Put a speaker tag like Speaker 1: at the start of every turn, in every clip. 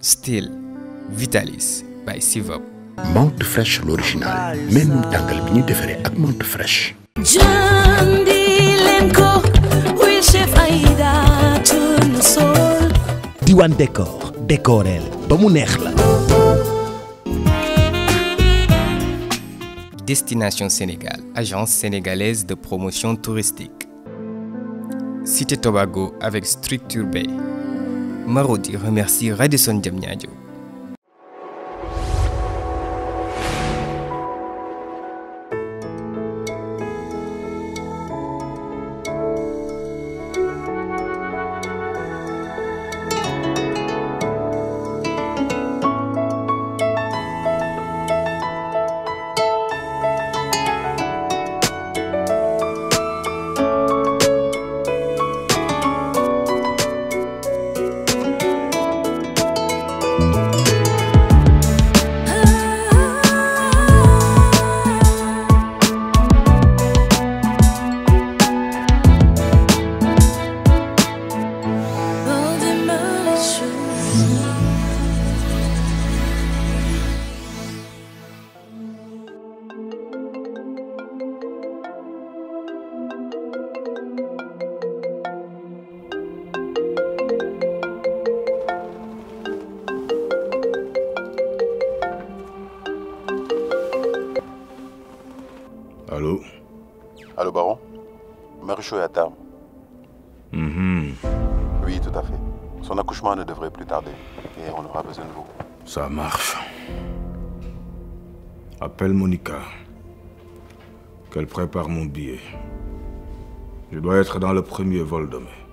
Speaker 1: Still
Speaker 2: Vitalis by Sivop. Mount Fresh l'original
Speaker 3: même ñu tàngal bi différente fait Mount Fresh. Diwan décor décorel
Speaker 2: Destination Sénégal, agence sénégalaise de promotion touristique. Cité Tobago avec Structure Bay. Marodi remercie Radisson
Speaker 1: Diamniadio.
Speaker 3: Ça marche. Appelle Monica. Qu'elle prépare mon billet. Je dois être dans le premier vol de demain.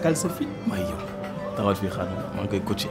Speaker 4: takkal sa fit. may yow taxawal fii xaar
Speaker 3: maa ngi koy coaché.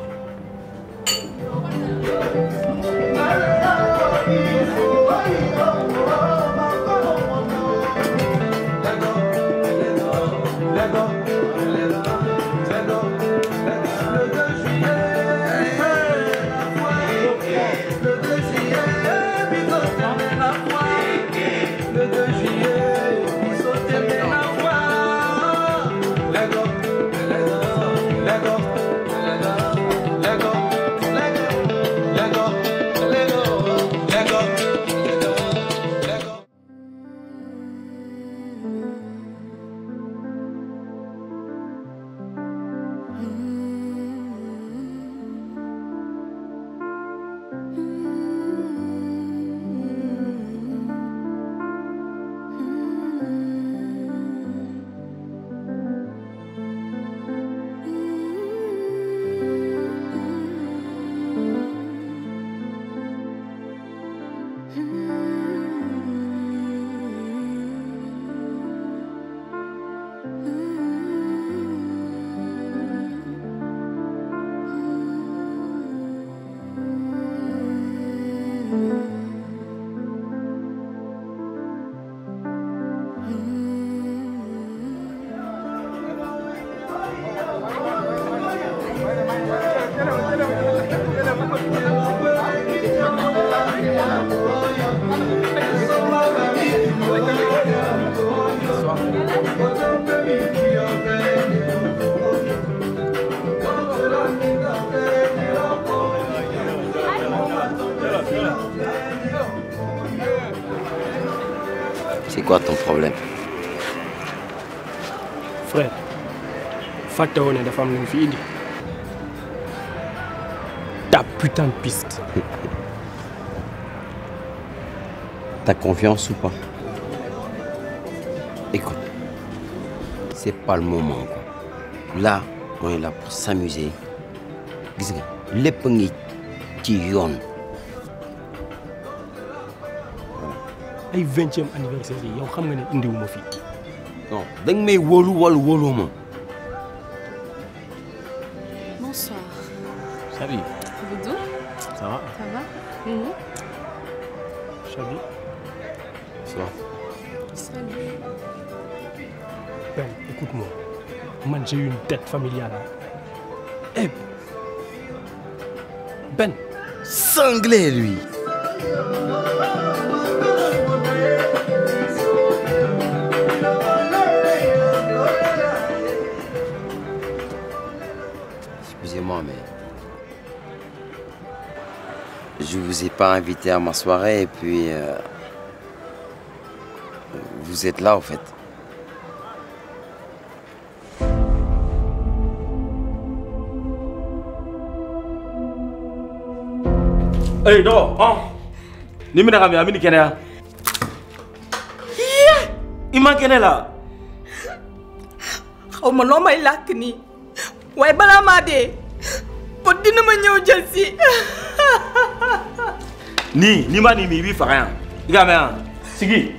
Speaker 1: confiance ou pas. Écoute, c'est pas le moment. Quoi. Là, on est là pour s'amuser. Gis nga lépp ngi ci yoon.
Speaker 4: ay vingtième anniversaire yi yow xam nga ne indiwuma fii.
Speaker 1: non da nga may wóolu wala wóolu bonsoir. Chabi.
Speaker 5: Doudou. ça va. ça va.
Speaker 6: Chabi. Mhm.
Speaker 4: Ben, écoute-moi. Man, j'ai une dette familiale. Hein. Eh
Speaker 1: Ben Sanglé, lui Excusez-moi, mais... Je vous ai pas invité à ma soirée et puis... Euh, vous êtes là, en fait. Hey, non, hein? Ni mina là. Iman kenya la.
Speaker 5: ma loo may est là. waaye balaa est dee Pod dina ma ñëw jël si.
Speaker 3: Ni, ni
Speaker 1: il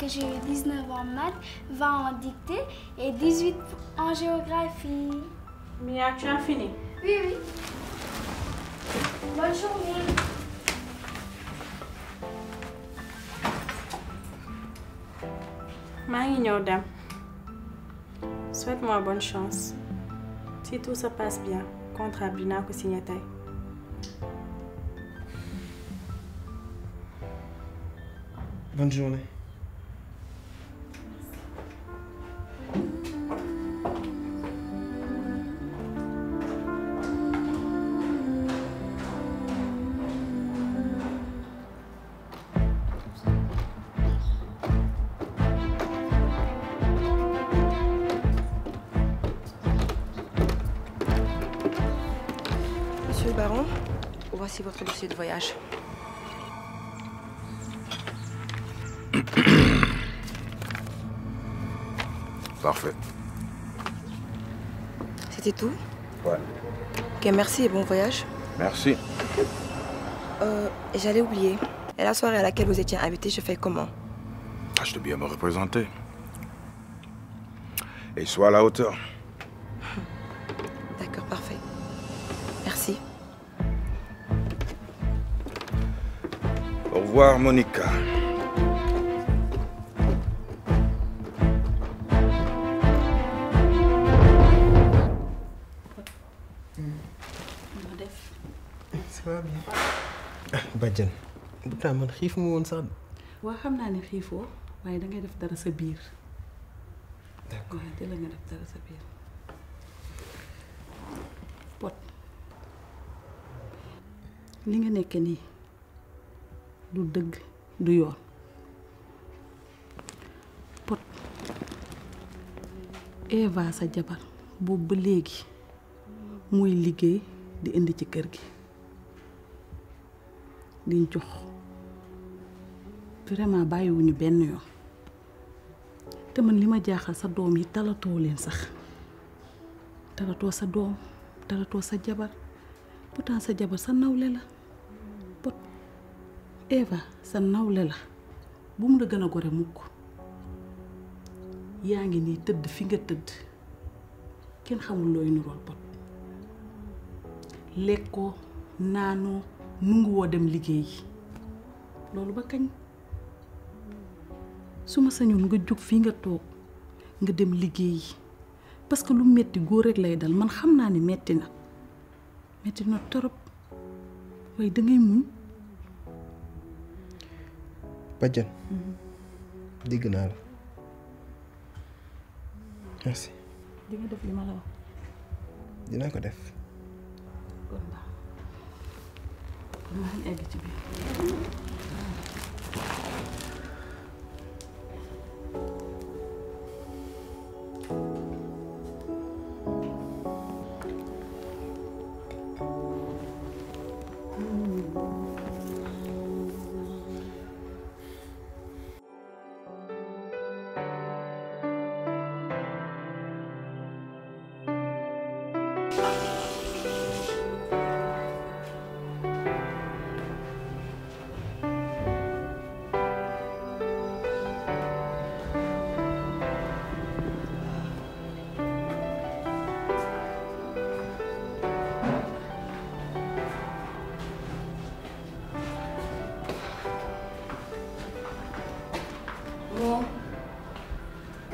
Speaker 6: que j'ai 19 en maths, 20 en dictée et 18 en géographie.
Speaker 7: Mia, tu as fini Oui, oui. Bonne journée. Marie souhaite-moi bonne chance. Si tout se passe bien, contre Abina. que
Speaker 4: Bonne journée.
Speaker 3: Parfait. C'était tout Ouais.
Speaker 8: Ok, merci et bon voyage. Merci. Euh, j'allais oublier. Et la soirée à laquelle vous étiez invité, je fais comment
Speaker 3: ah, Je dois bien me représenter. Et sois à la hauteur.
Speaker 8: D'accord, parfait. Merci.
Speaker 3: Au revoir, Monica.
Speaker 1: bàjjen pourtant man xiif mu sax.
Speaker 5: waaw xam naa ne xiifoo waaye dangay def dara sa biir. d'accord pot li nga nekk nii du dëgg du yoon pot Eva sa jabar boobu léegi muy liggéey di indi ci kër gi. liñ jox vraiment bàyyiwuñu benn yoon te man li ma jaaxal sa doom yi talatoo leen sax talatoo sa doom talatoo sa jabar pourtant sa jabar sa nawle la pot Eva sa nawle la bu mu la gën a gore mukk yaa ngi nii tëdd fi nga tëdd kenn xamul looy nurool pot lekkoo naanoo nungu wo dem liggéey lolou ba kagn suma ma nga juk fi nga tok nga dem liggéey parce que lu metti góor rek lay dal man xamna ni metti na metti na torop way da ngay muñ
Speaker 9: badjan dégg na la merci.
Speaker 5: di nga def li ma la wax.
Speaker 9: dina ko def.
Speaker 5: Evet.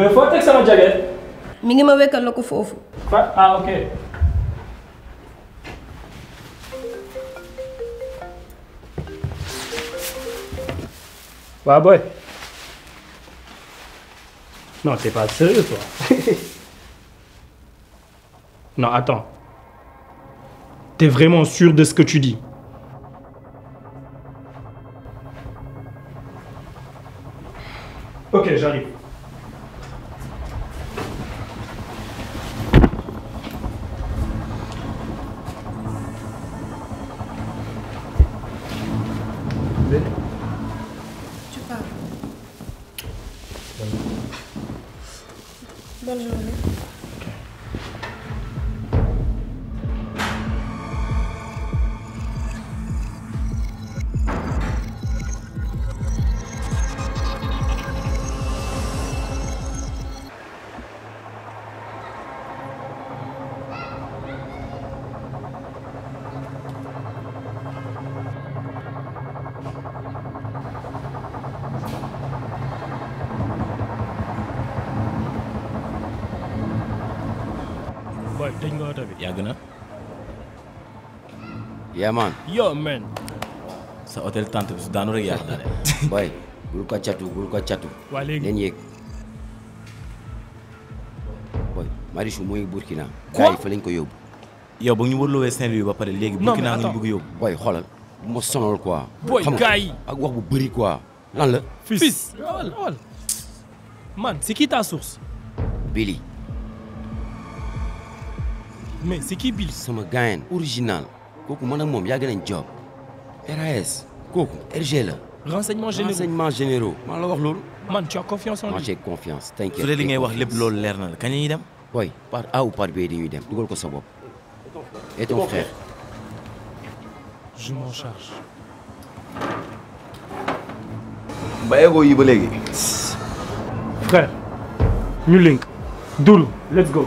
Speaker 7: mais ben, faut que ça me mi Mingi ma wékal lako fofu.
Speaker 4: ah ok. Wa boy..! non t'es pas sérieux toi. non attends. T'es vraiment sûr de ce que tu dis? Ok, j'arrive.
Speaker 1: yàgg na. yaa man. yoo men. sa hôtel tante bi su daanu rek a daal. booy bul ko catu bul catu. waa yéeg. booy Marichou mooy Burkina. quoi gars yi lañ ko yóbbu. yow ba ñu wërloowe Saint-Louis ba pare léegi. Burkina nga ñu bëgg yóbbu. booy xoolal bu ma sonal quoi. booy gars wax bu bëri quoi. lan la.
Speaker 4: fils fils man c'est qui ta source.
Speaker 1: Billy. mais c'est qui Bill sama gagne, original kooku man ak moom nañ job RAS kooku RG renseignements généraux renseignements généraux maa la wax loolu man tu as confiance en lui moi j'ai confiance t'inquiète su dee li ngay wax lépp loolu leer na la dem oui par A ou par B dañuy dem dugal ko sa bopp et ton frère
Speaker 4: je m'en charge
Speaker 9: Bayego yi ba léegi
Speaker 4: frère ñu link
Speaker 1: dulu let's go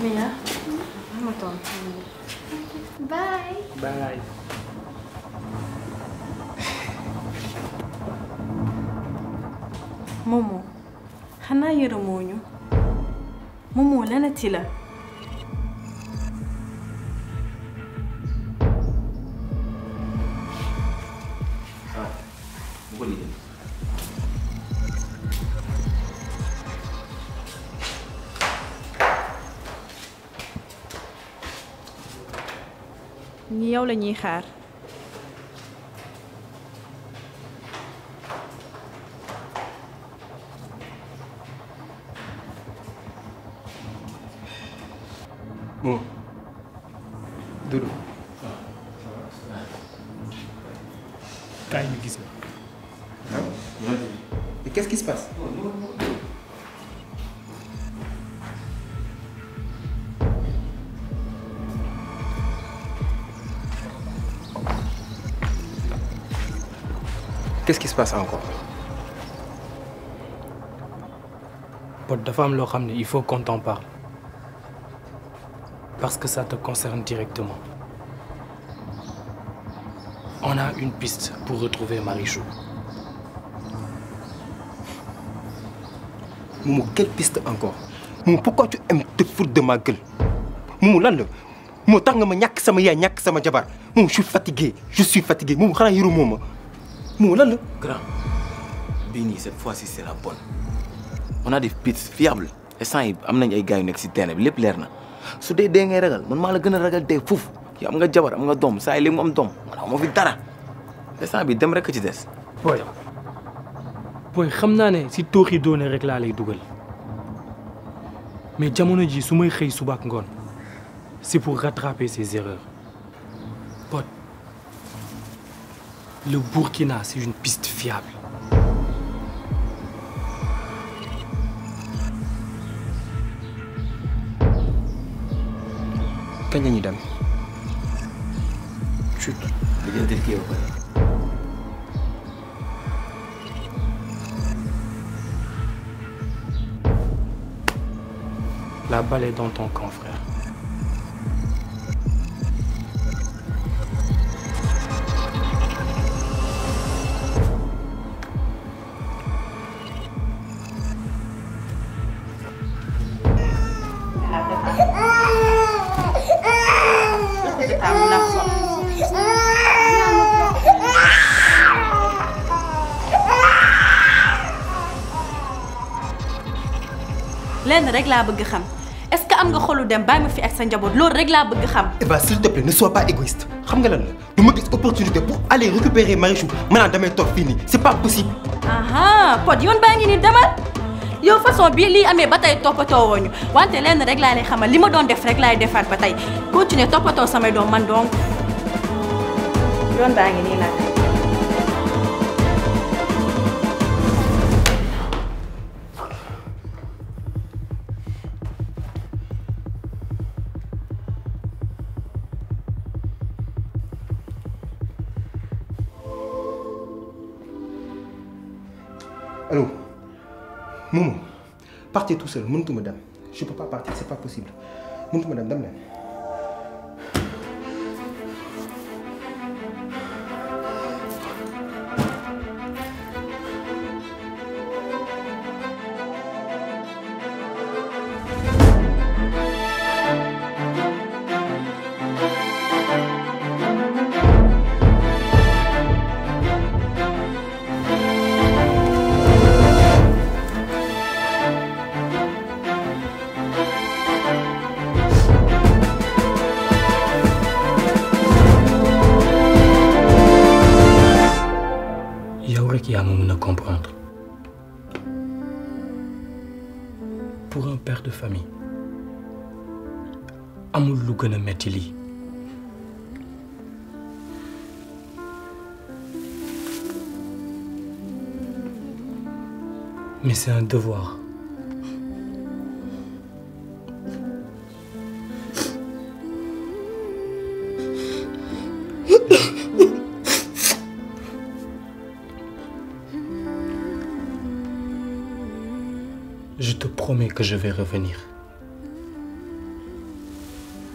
Speaker 7: Minha?
Speaker 6: Vamos então. Bye. Bye.
Speaker 7: Momo, hana yero monyo. Momo lana tila. Ah, vou ligar. ñi yow la ñuy xaar
Speaker 6: gis Qu'est-ce qui se passe? Oh,
Speaker 1: qu'est-ce qui se passe encore
Speaker 4: Pod il faut qu'on t'en parle parce que ça te concerne directement on
Speaker 1: a une piste pour retrouver Marichou quelle piste encore pourquoi tu aimes te foutre de ma gueule Moumou je suis fatigué je suis fatigué moo lan la. grand bii cette fois-ci c'est la bonne on a des pistes fiables Et yi am nañ ay gars yu nekk si terrain bi lépp leer na su dee dee ngay ragal man maa la a ragal dee foofu yow am nga jabar am nga dom. saa yi léegi mu am doom wala moo fi dara instant bi dem rek ci des. booy booy xam naa ne si toox
Speaker 4: yi doone rek laa lay dugal mais jamono ji su may xëy suba c'est pour rattraper ses erreurs. Le Burkina, c'est une piste fiable.
Speaker 1: Il y a des dengan au frère.
Speaker 4: La balle est dans ton camp, frère.
Speaker 7: laa bëgg xam est-ce que am nga xolu dem bàyyi ma fi ak sa njaboot loolu rek laa bëgg xam. Eva
Speaker 1: eh ben, s'il te plaît ne sois pas égoïste xam nga lan la du ma gis opportunité pour aller récupérer Marichou maanaam damay toog fii nii c'est pas possible.
Speaker 7: aha Pod yoon baa ngi nii demal yow façon bi li amé batay tey toppatoo woo ñu wante lenn rek la lay xamal li ma doon def rek lay defaat batay tey continuer toppatoo samay do man donc yoon baa ngi nii
Speaker 1: tout seul mënatuma je peux pas partir c'est pas possible mënatuma madame. dame
Speaker 4: famille amul lu mais c'est un devoir je vais revenir.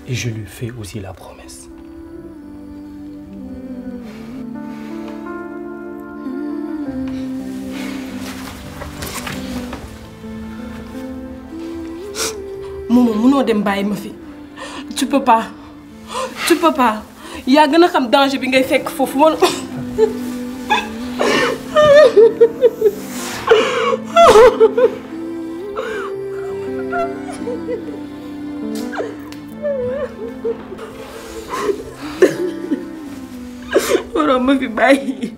Speaker 4: Et je lui fais aussi la promesse.
Speaker 5: tu peux pas tu peux pas il y a un danger bi ngay fait Move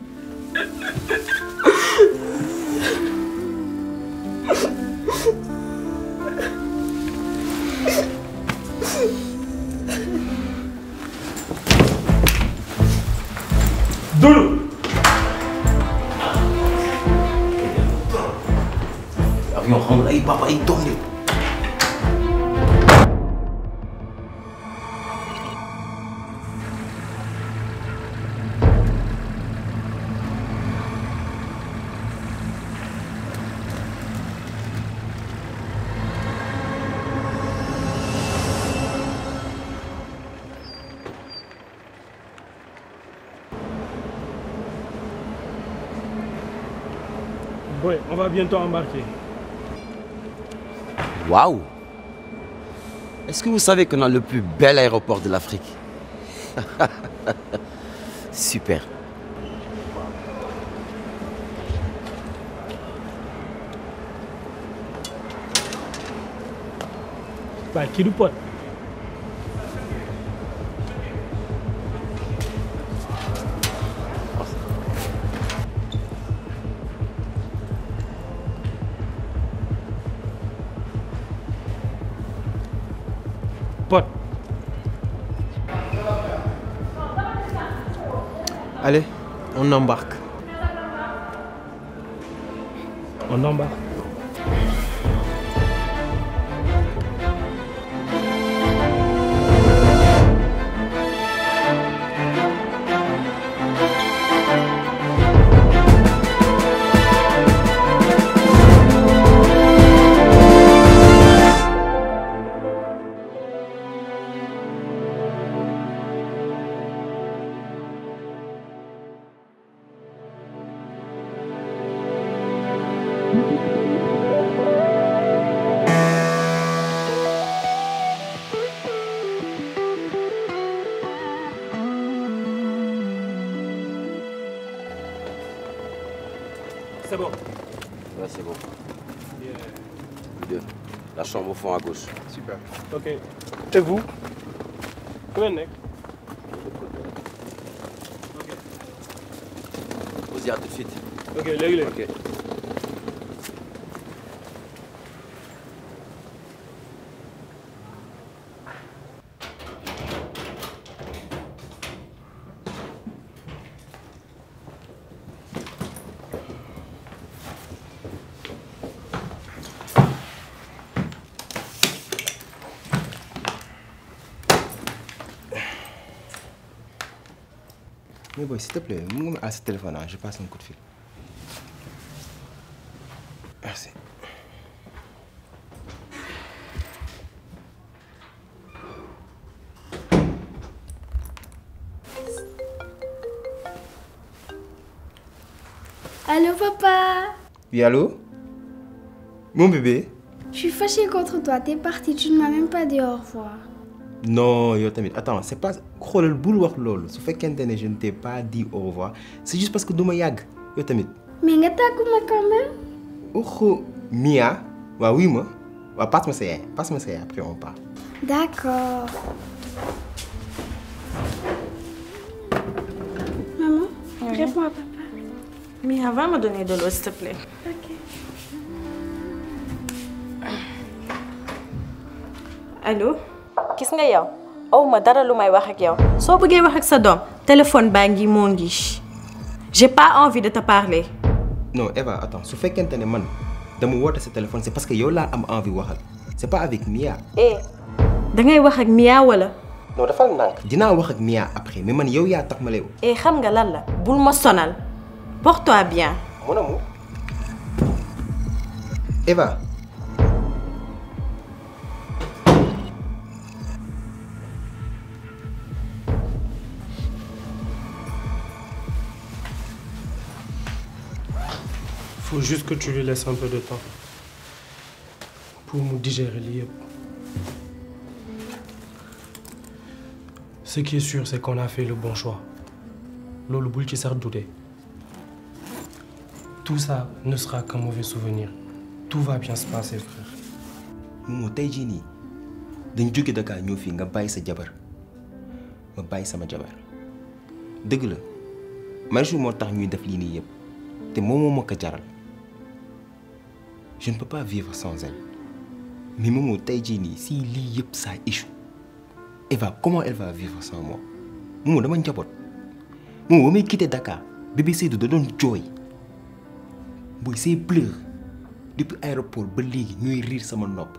Speaker 4: bientôt embarquer.
Speaker 1: Waouh Est-ce que vous savez qu'on a le plus bel aéroport de l'Afrique Super.
Speaker 4: Bah, qui nous pote on embarque. On embarque. Ok. Et vous
Speaker 1: s'il te plaît, à ah, ce téléphone, hein, je passe un coup de fil. Merci.
Speaker 6: Allô, papa
Speaker 1: Oui, allô Mon bébé
Speaker 6: Je suis fâchée contre toi, t'es parti, tu ne m'as même pas dit au revoir.
Speaker 1: Non, yo, attends, c'est pas xoolal bul wax loolu su fekkente ne je ne t'ai pas dit au revoir c'est juste parce que du ma yàgg yow tamit.
Speaker 6: mais nga tàggu ma quand même.
Speaker 1: Mia waaw oui ma waaw passe ma sa yaay passe ma après on parle.
Speaker 6: d'accord. maman.
Speaker 7: réponds à papa. Mia va me donner de l'eau s'il te plaît. ok. allo. gis nga yow aw dara lu wax ak yow wax ak téléphone ngi j'ai pas envie de te parler.
Speaker 1: non Eva attends su fekkente ne man dama woote sa téléphone c'est parce que yow laa am envie waxal c'est pas avec Mia. eh da ngay wax ak Mia wala. non dafa Nank..! dinaa wax Mia après mais man yow yaa tax
Speaker 7: eh xam nga lan la. porte-toi bien.
Speaker 1: mon amour
Speaker 9: Eva.
Speaker 4: faut juste que tu lui laisses un peu de temps pour me digérer Ce qui est sûr, c'est qu'on a fait le bon choix. loolu bul ci sax douter. Tout ça ne sera qu'un mauvais souvenir. Tout va bien se passer, frère.
Speaker 1: moo tey de nii dañ jóge Dakar ñëw fii nga baye sa jabar ma bàyyi sama jabar dëgg la Marichou je tax ñuy def lii nii jaral je ne peux pas vivre sans elle mais Momo tey jii nii si lii yëpp ça Eva comment elle va vivre sans moi Momo dama njaboot Momo ba muy quitté Dakar bébé BBC da doon joy. booy c'est pleurer..! depuis aéroport ba nous rire riir sama nopp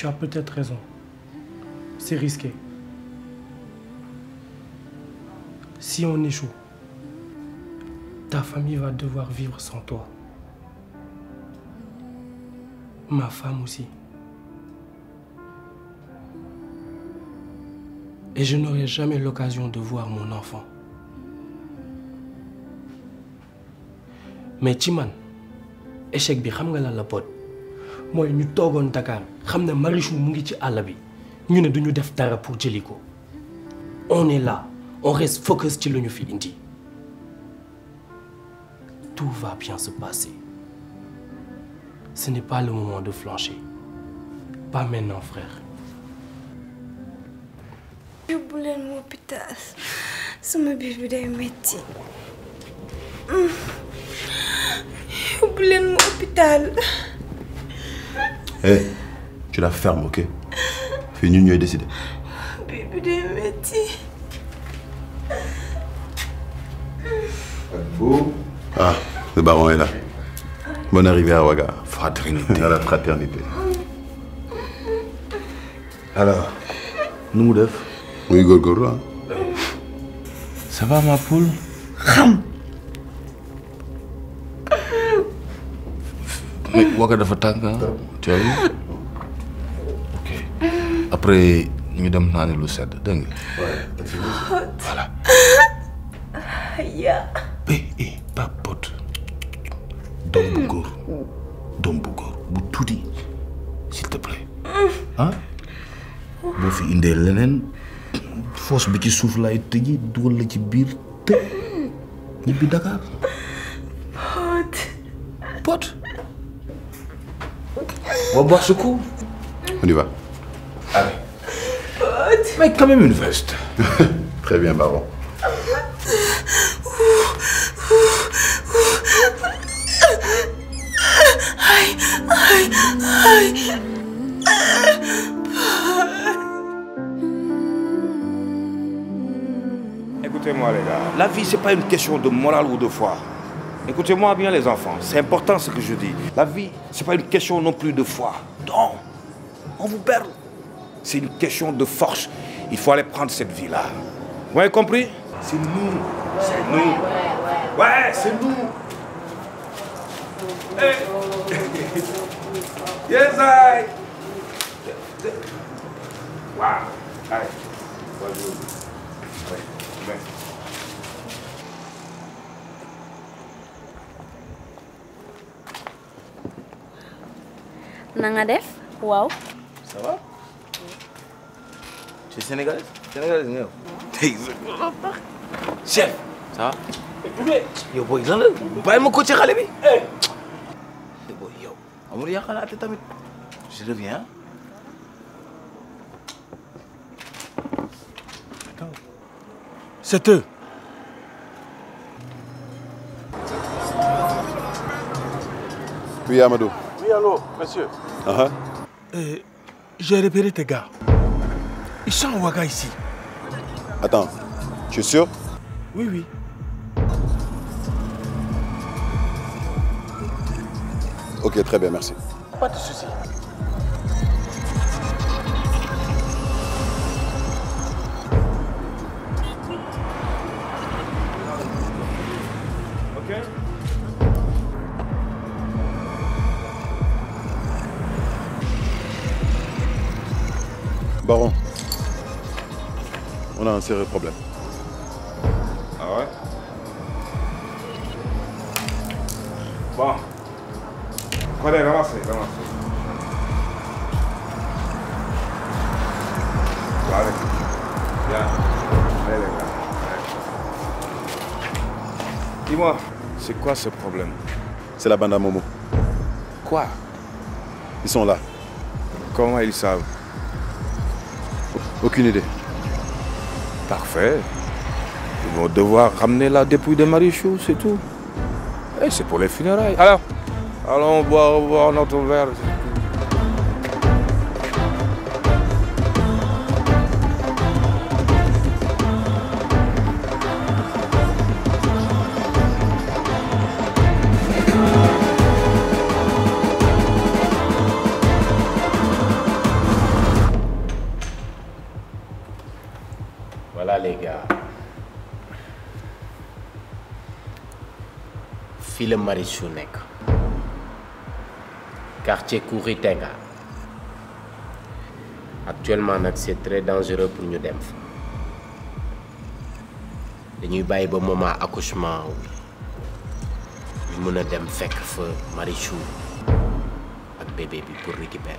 Speaker 4: tu as peut-être raison. C'est risqué. Si on échoue, ta famille va devoir vivre sans toi. Ma femme aussi. Et je n'aurai jamais l'occasion de voir mon enfant. Mais Timan, échec bi la pote moy ñu togon Dakar xamna ne Marichou mu ngi ci àll bi ñu ne duñu def dara pour jëli on est là on reste focus ci luñu fi indi tout va bien se passer ce n'est pas le moment de flancher pas maintenant frère.
Speaker 5: yóbbu leen ma hôpital sama biir bi day metti
Speaker 7: yóbbu leen ma hôpital.
Speaker 9: Eh.. tu la fermes, ok Fais une nuit décidée.
Speaker 5: Bébé de métier.
Speaker 9: Ah, le baron est là. Bonne arrivée à Ouaga.
Speaker 3: Fraternité.
Speaker 9: À la fraternité. Alors, nous, Moudef Oui, Gorgoro.
Speaker 3: Ça va, ma poule
Speaker 6: Ram
Speaker 9: Mais waka dafa tànk tu as vu ok après
Speaker 3: ñu dem naani lu sedd dégg
Speaker 6: nga voilà ya
Speaker 3: eh eh papote doom bu góor doom bu góor bu tuuti s'il te plaît ah boo fi indee leneen foos bi ci suuf laay tëji dugal la ci biir të ñibbi Dakar
Speaker 5: pot pot
Speaker 3: On va boire ce coup. On y va. Allez. Mais quand même une veste. Très bien, baron.
Speaker 6: Aïe, aïe, aïe.
Speaker 3: Écoutez-moi les gars, la vie c'est pas une question de morale ou de foi. Écoutez-moi bien les enfants, c'est important ce que je dis. La vie, ce n'est pas une question non plus de foi. Non, on vous perd. C'est une question de force. Il faut aller prendre cette vie-là. Vous avez compris C'est nous. C'est nous. Ouais, c'est nous. Eh. yes, I. Wow.
Speaker 7: Nangadef. Wow.
Speaker 1: ça va. tu es sénégalaise sénégalaise non chef. ça va. yow il ko ci bi. Eh! a faire je reviens hein.
Speaker 3: C'est eux. Oui, Amadou allô, monsieur. Uh J'ai repéré tes gars. Ils sont en Ouaga ici. Attends, tu es sûr Oui, oui. Ok, très bien, merci. Pas de souci. Ok Baron, on a un sérieux problème. Ah ouais Bon. quoi ramassez, ramassez.
Speaker 6: Allez. Bien. Allez, les gars.
Speaker 3: Dis-moi, c'est quoi ce problème C'est la bande à Momo. Quoi Ils sont là. Comment ils savent aucune idée. Parfait. Ils vont devoir ramener la dépouille de Marichou c'est tout. Et c'est pour les funérailles. Alors, allons voir boire notre verre.
Speaker 2: Marichou yu quartier Kouritenga. actuellement c'est très dangereux pour nous. dem avons eu un moment accouchement où nous a dem fekk fa Marichou avec bébé pour récupérer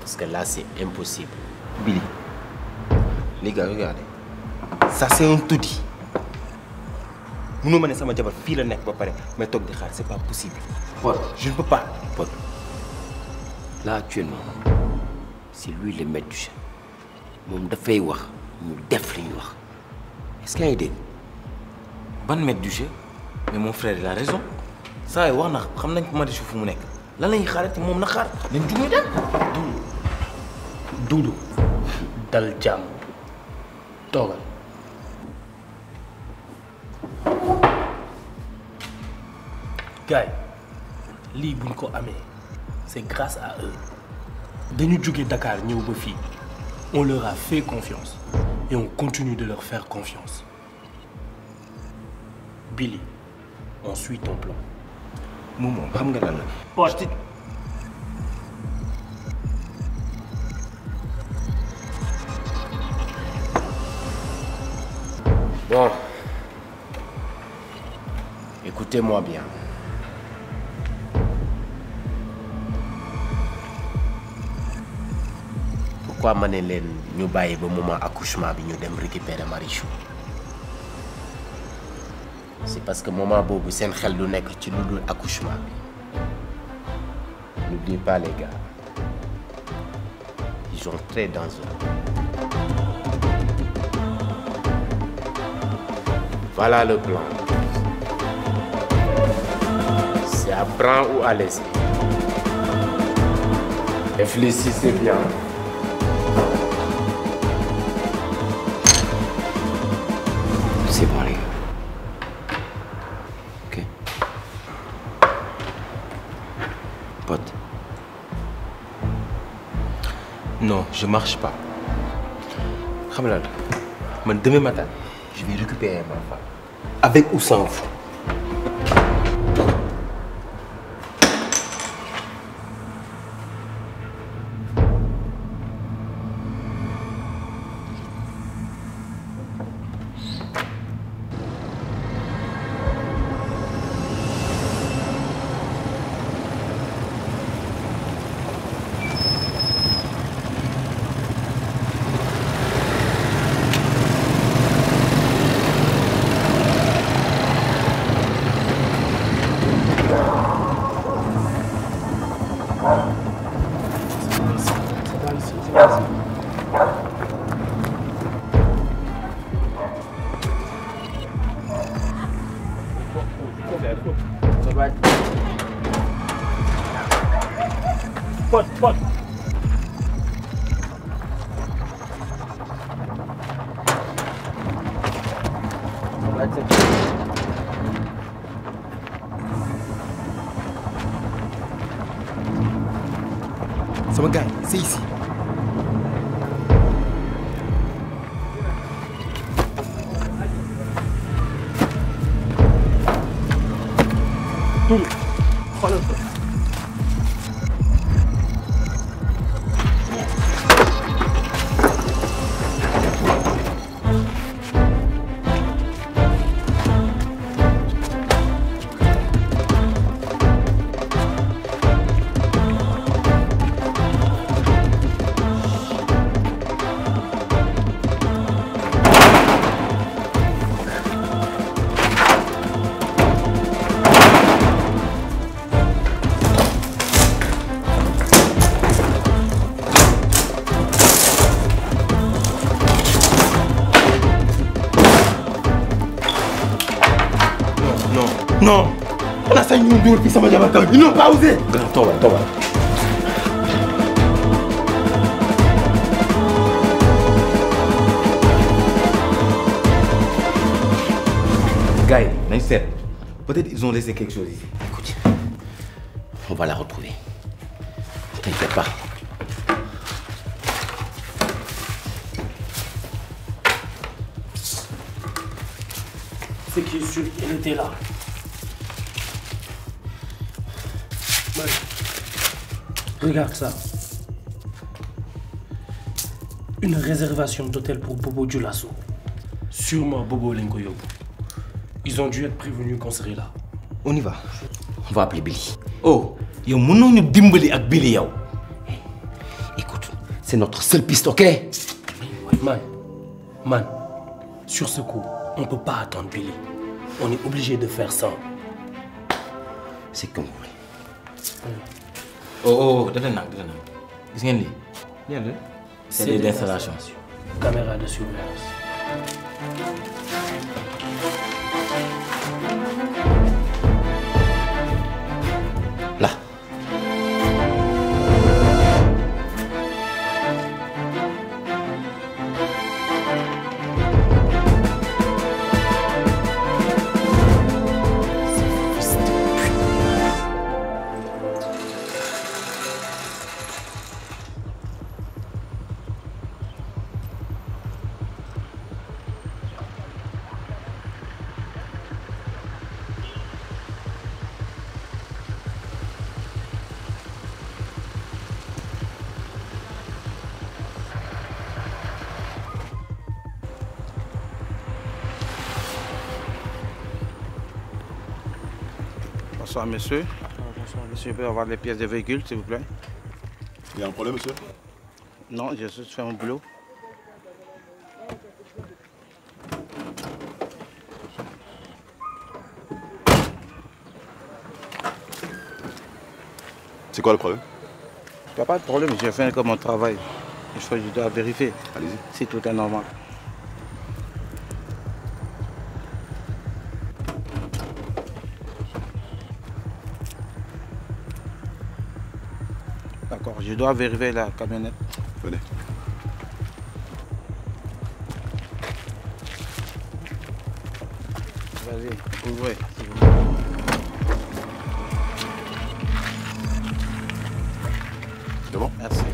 Speaker 2: parce que là c'est impossible.
Speaker 6: Billy
Speaker 1: les gars regardez ça c'est un un dit. Je ne peux pas me la mais c'est pas possible. je ne peux pas là actuellement c'est lui le maître du jeu a fait wax il est-ce qu'il a Tu as maître du jeu mais mon frère il a raison Ça Il wax Marichou lan Doudou Doudou
Speaker 4: dal Guy, li buñ ko grâce à eux dañu jóge Dakar ñëw ba fi on leur a fait confiance et on continue de leur faire confiance Billy on suit ton plan.
Speaker 1: Moumou xam nga lan
Speaker 6: Bon,
Speaker 2: écoutez-moi bien. pourquoi nous avons ñu bàyyi ba moment accouchement bi ñu dem récupérer Marichou c'est parce que moment bobu seen xel du nek ci accouchement bi n'oubliez pas les gars ils sont très dangereux voilà le plan c'est à prendre ou à laisser réfléchissez bien
Speaker 1: Ok Pote. Non, je marche pas. Khamlal, demain matin, je vais récupérer ma femme. Avec ou sans vous non on a ça une puis ça sama jabar tamit ils n'ont pas osé. Guy, toi, toi. peut-être ils ont laissé quelque chose ici. écoute on va la retrouver ne t'inquiète pas.
Speaker 4: c'est qui est sûr, elle était là. Regarde ça. Une réservation d'hôtel pour Bobo Dioulasso. Sûrement Bobo Lingoyobo. Ils ont dû être prévenus qu'on serait là.
Speaker 1: On y va. On va appeler Billy. Oh, y a dimbali Billy Écoute, c'est notre seule piste, ok?
Speaker 4: Man, man, sur ce coup, on ne peut pas attendre Billy. On est obligé de faire ça.
Speaker 6: C'est comme vous voulez.
Speaker 1: oh oh def leen nag def leen ngeen lii.
Speaker 3: Bonsoir, monsieur. Bonsoir, monsieur. Je peux avoir les pièces de véhicule, s'il vous plaît Il y a un problème, monsieur Non, je juste fait mon boulot. C'est quoi le problème Il n'y a pas de problème, j'ai fait comme mon travail. Je dois vérifier Allez-y. si tout est normal. D'accord, je dois vérifier la camionnette. Venez.
Speaker 6: Vas-y, ouvrez. C'est bon
Speaker 9: Merci.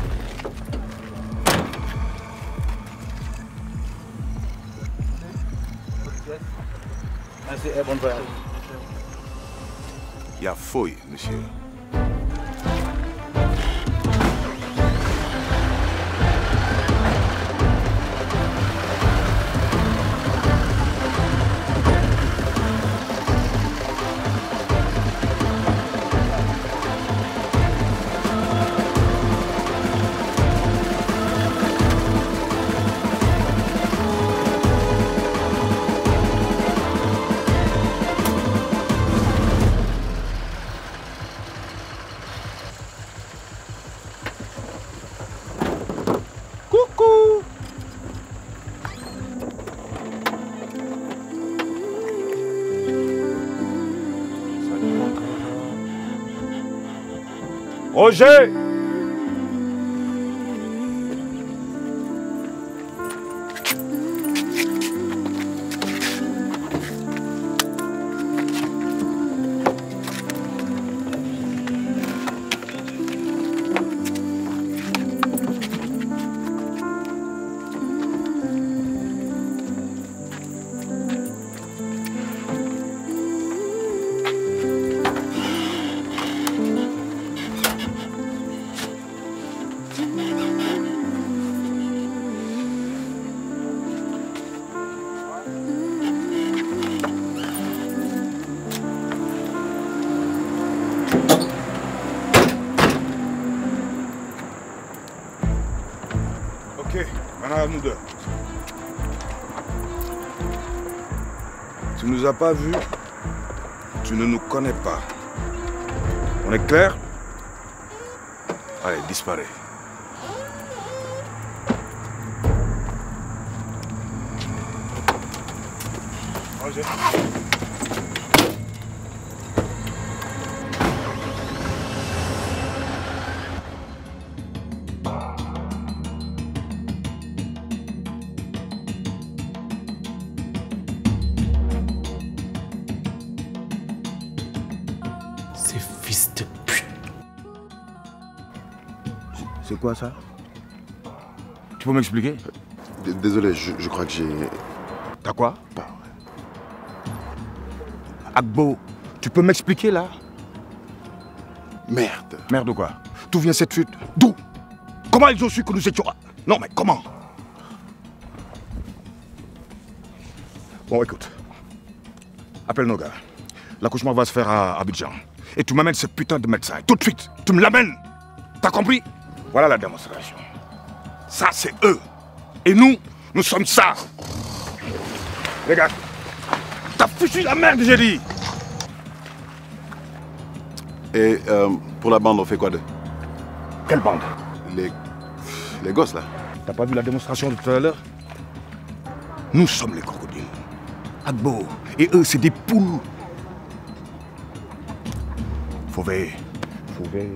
Speaker 9: Merci et bon voyage.
Speaker 3: Il y a fouille, monsieur. Roger! pas vu, tu ne nous connais pas. On est clair Allez, disparais. quoi ça Tu peux m'expliquer Désolé, je, crois que j'ai. T'as quoi Pas. Bah, Agbo, tu peux m'expliquer là Merde. Merde ou quoi D'où vient cette fuite D'où Comment ils ont su que nous étions. Non mais comment Bon écoute. Appelle nos gars. L'accouchement va se faire à Abidjan. Et tu m'amènes ce putain de médecin. Tout de suite. Tu me l'amènes. T'as compris voilà la démonstration. Ça, c'est eux. Et nous, nous sommes ça. Les gars, t'as fichu la merde, j'ai dit. Et euh, pour la bande, on fait quoi d'eux Quelle bande Les... Les gosses, là. T'as pas vu la démonstration de tout à l'heure Nous sommes les crocodiles. Agbo. Et eux, c'est des poules. Faut veiller. Faut veiller.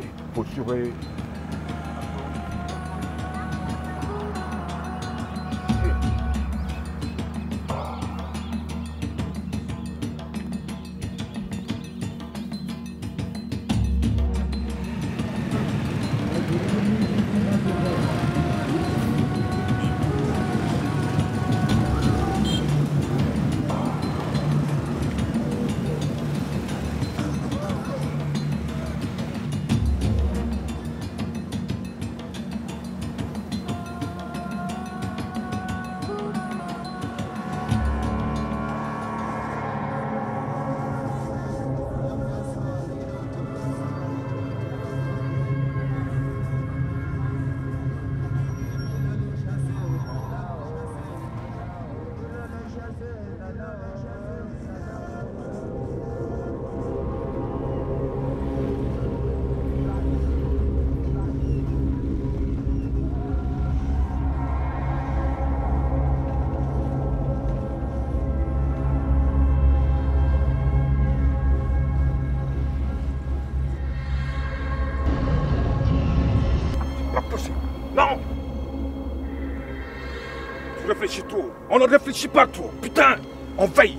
Speaker 3: trop. On ne réfléchit pas trop. Putain, on veille.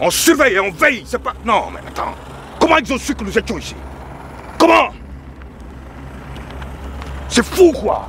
Speaker 3: On surveille et on veille. C'est pas. Non, mais attends. Comment ils ont su que nous étions ici Comment C'est fou, quoi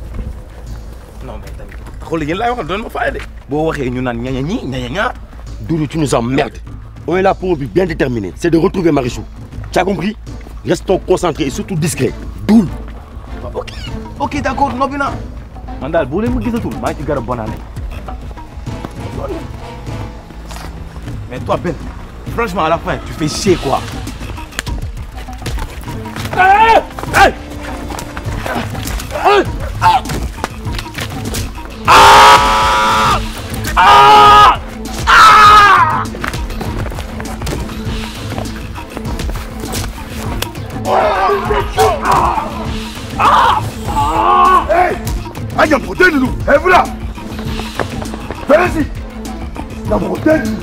Speaker 1: non mais T'as xool yéen laay waxal doon ma faale de. boo waxee ñu naan ñaña ñi ñaña ñaa. Doudou tu nous emmerdes. on est là pour but bien déterminé. c'est de retrouver Marichou. tu as compris. restons concentrés et surtout discrets. Doule. Ah, ok ok d'accord noppi naa. man daal boo me ma gisatul maa ngi ci garab année..! mais toi Ben franchement à la fin tu fais chier quoi.
Speaker 6: Ah! kinh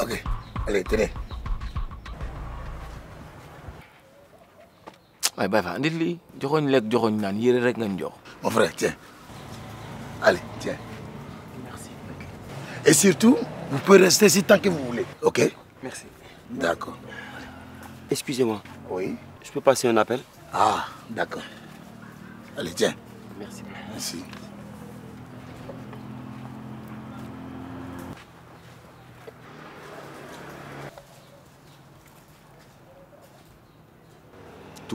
Speaker 6: Okay,
Speaker 9: alih sini.
Speaker 1: Bye bye Pak Andili. Tu lekk
Speaker 9: mon frère tiens allez tiens. merci. et surtout vous pouvez rester ici tant que vous voulez. ok. merci. d'accord.
Speaker 1: excusez-moi. oui. je peux passer un appel. ah d'accord. allez tiens. merci. merci.
Speaker 3: tu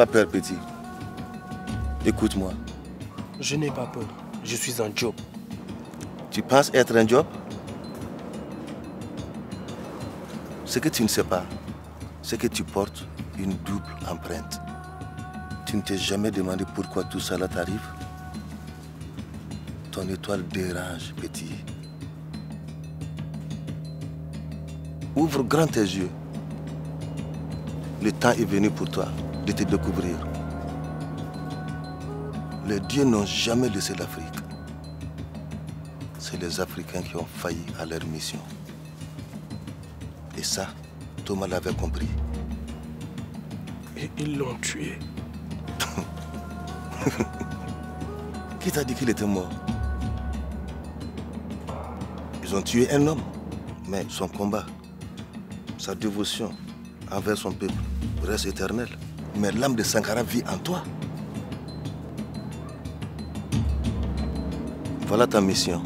Speaker 9: pas peur, petit. Écoute-moi.
Speaker 4: Je n'ai pas peur.
Speaker 9: Je suis un job. Tu penses être un job Ce que tu ne sais pas, c'est que tu portes une double empreinte. Tu ne t'es jamais demandé pourquoi tout cela t'arrive Ton étoile dérange, petit. Ouvre grand tes yeux. Le temps est venu pour toi de te découvrir. Les dieux n'ont jamais laissé l'Afrique. C'est les Africains qui ont failli à leur mission. Et ça, Thomas l'avait compris. Et ils l'ont tué. qui t'a dit qu'il était mort Ils ont tué un homme, mais son combat, sa dévotion envers son peuple reste éternelle mais l'âme de Sankara vit en toi. Voilà ta mission.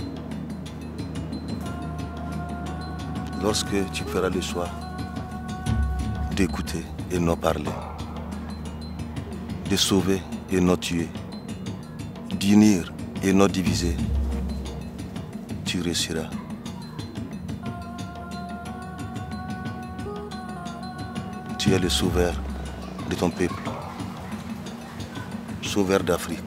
Speaker 9: Lorsque tu feras le choix d'écouter et non parler, de sauver et non tuer, d'unir et non diviser, tu réussiras. Tu es le sauveur de ton peuple, sauveur d'Afrique.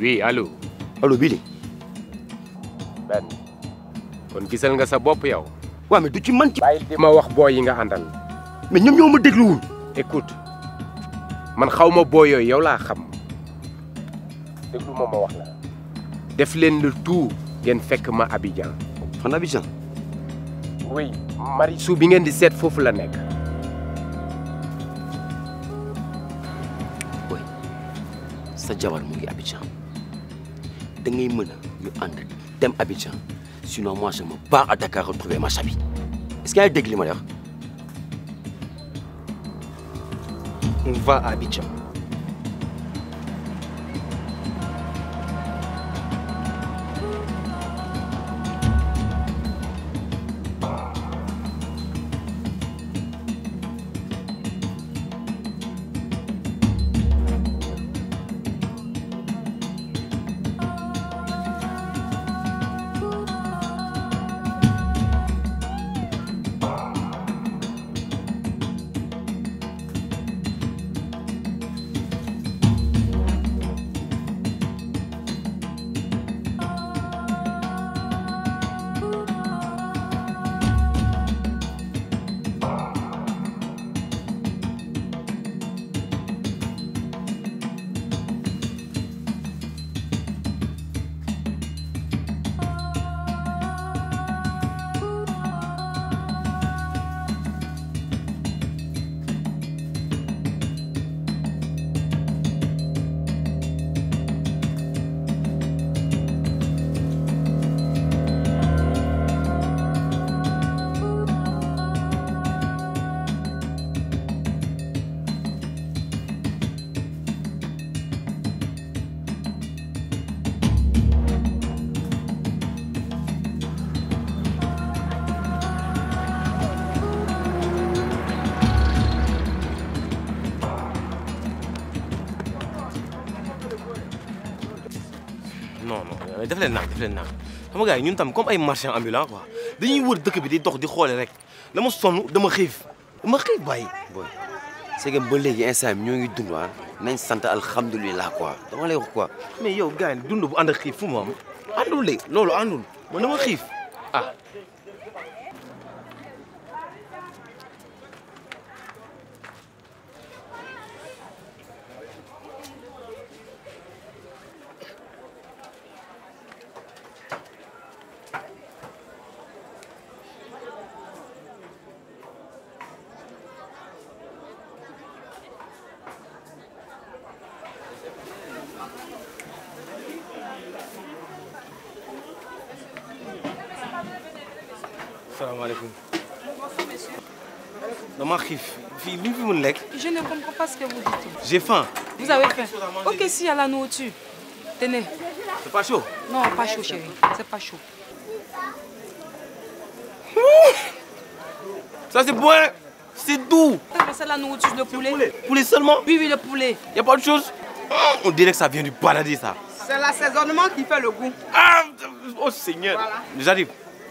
Speaker 2: Oui, allô. Allô, Billy. Ben, kon gisal nga sa bop yow.
Speaker 1: Wa mais du ci man ci. ma
Speaker 2: wax nga
Speaker 1: mais ñom ñoo
Speaker 2: écoute man xawma ma pas yow la xam ma wax la def le tout fekk ma Abidjan. fan Abidjan. oui sou bi ngeen di set fofu la oui
Speaker 1: sa jabar mu Abidjan da ngay Abidjan sinon moi je me barre à retrouver ma chabie. est-ce qu'il y va Abidjan. xam nga gars yi ñun tam comme ay marchand ambulant quoi dañuy wër dëkk bi di dox di xoole rek dama sonn dama xiif ma xiif bàyyi. booy c'est ba léegi instant bi ñoo ngi dund ah nañ sant alhamdulilah quoi dama lay wax quoi. mais yow gars yi dund bu ànd ak xiif fu mu am àndul léegi loolu àndul man xiif ah. bonsoir monsieur. je
Speaker 5: ne comprends pas ce que vous
Speaker 1: dites. j'ai faim.
Speaker 5: vous avez faim ok si y a la nourriture. tenez. c'est pas chaud. non pas chaud chérie c'est pas chaud. ça c'est bon.
Speaker 1: c'est doux.
Speaker 5: c'est la nourriture de poulet.
Speaker 1: poulet. seulement. oui oui le poulet. Il n'y a pas autre chose. Ah, on dirait que ça vient du paradis ça.
Speaker 5: c'est l'assaisonnement qui
Speaker 1: fait le goût. Ah, oh Seigneur. j'arrive.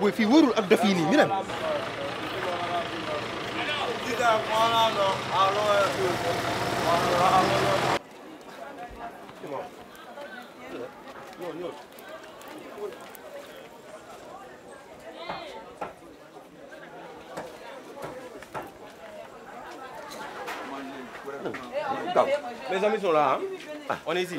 Speaker 1: Oui, fii
Speaker 6: amis sont là, hein. ah. On est ici.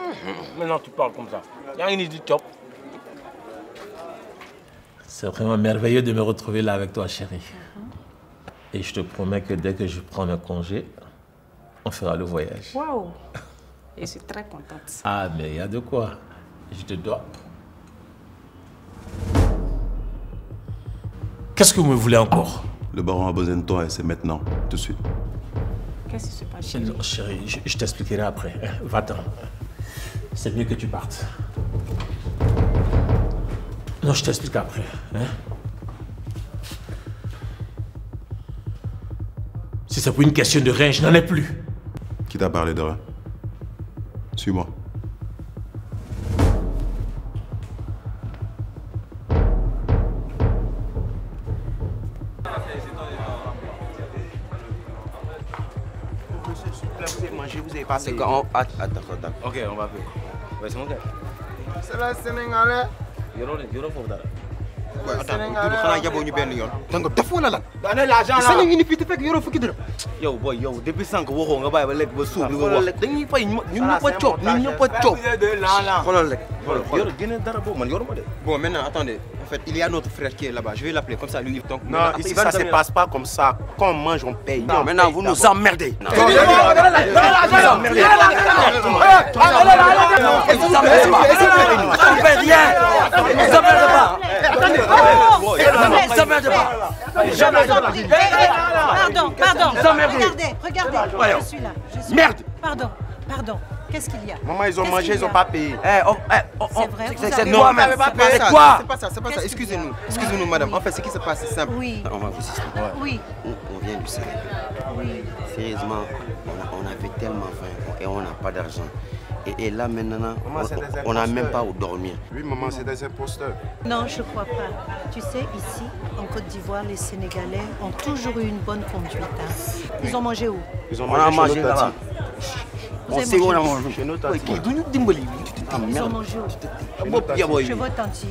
Speaker 2: Mmh, mmh. Maintenant, tu
Speaker 1: parles comme ça. Il y a une idée top.
Speaker 9: C'est vraiment merveilleux
Speaker 2: de me retrouver là avec toi, chérie. Uh-huh. Et je te promets que dès que je prends mes congé, on fera le voyage.
Speaker 5: Waouh Et je suis très contente.
Speaker 2: Ah, mais il y a de quoi. Je te dois.
Speaker 3: Qu'est-ce que vous me voulez encore Le baron a besoin de toi et c'est maintenant, tout de suite.
Speaker 2: Qu'est-ce qui se passe, chérie Chérie, je, je t'expliquerai après. Va-t'en c'est mieux que tu partes. Non, je t'explique après. Hein.
Speaker 4: Si c'est pour une question de rein,
Speaker 3: je n'en ai plus. Qui t'a parlé de rein Suis-moi.
Speaker 6: passé. C'est quand
Speaker 1: on... Attends, attends. Ok, on va faire. Ouais, c'est mon gars. C'est le Sénégalais. Yoro, yoro foofu dara. waaw attends xanaa yaboo ñu benn yoon. donc def wala lan. daanaka l'argent la sëñ yi fi te fekk yoroo fukki dërëm. yow booy yow depuis sànq waxoo nga bàyyi ba lekk ba suuf li nga wax. dañuy de. bon maintenant attendez. il y a notre frère qui est là-bas. Je vais l'appeler comme ça, lui. Donc, non, ça ne se passe pas comme ça. Quand on mange, on paye. Non, maintenant, vous nous emmerdez. Non, non, non, non, non, non, non,
Speaker 8: non, Pardon, pardon. Qu'est-ce qu'il y a Maman, ils ont mangé, ils n'ont pas
Speaker 1: payé. c'est eh, oh, eh, oh, oh, vrai, c'est pas payé. quoi C'est pas ça, c'est pas ça. Excusez-nous. Excusez-nous, madame. En fait, ce qui se passe, c'est simple. Oui. On va vous expliquer. Oui. On, vient du Sénégal. Oui. Sérieusement, on avait tellement faim et on n'a pas d'argent. Et, là maintenant, on n'a même pas où dormir. Oui, maman, c'est
Speaker 3: des imposteurs.
Speaker 8: Non, je crois pas. Tu sais, ici, en Côte d'Ivoire, les Sénégalais ont toujours eu une bonne conduite. Hein. Ils ont mangé où
Speaker 1: Ils ont on mangé, a mangé là on sait on a mangé. Kii du ñu dimbali.
Speaker 8: bopp yaboo yi chevaux tanti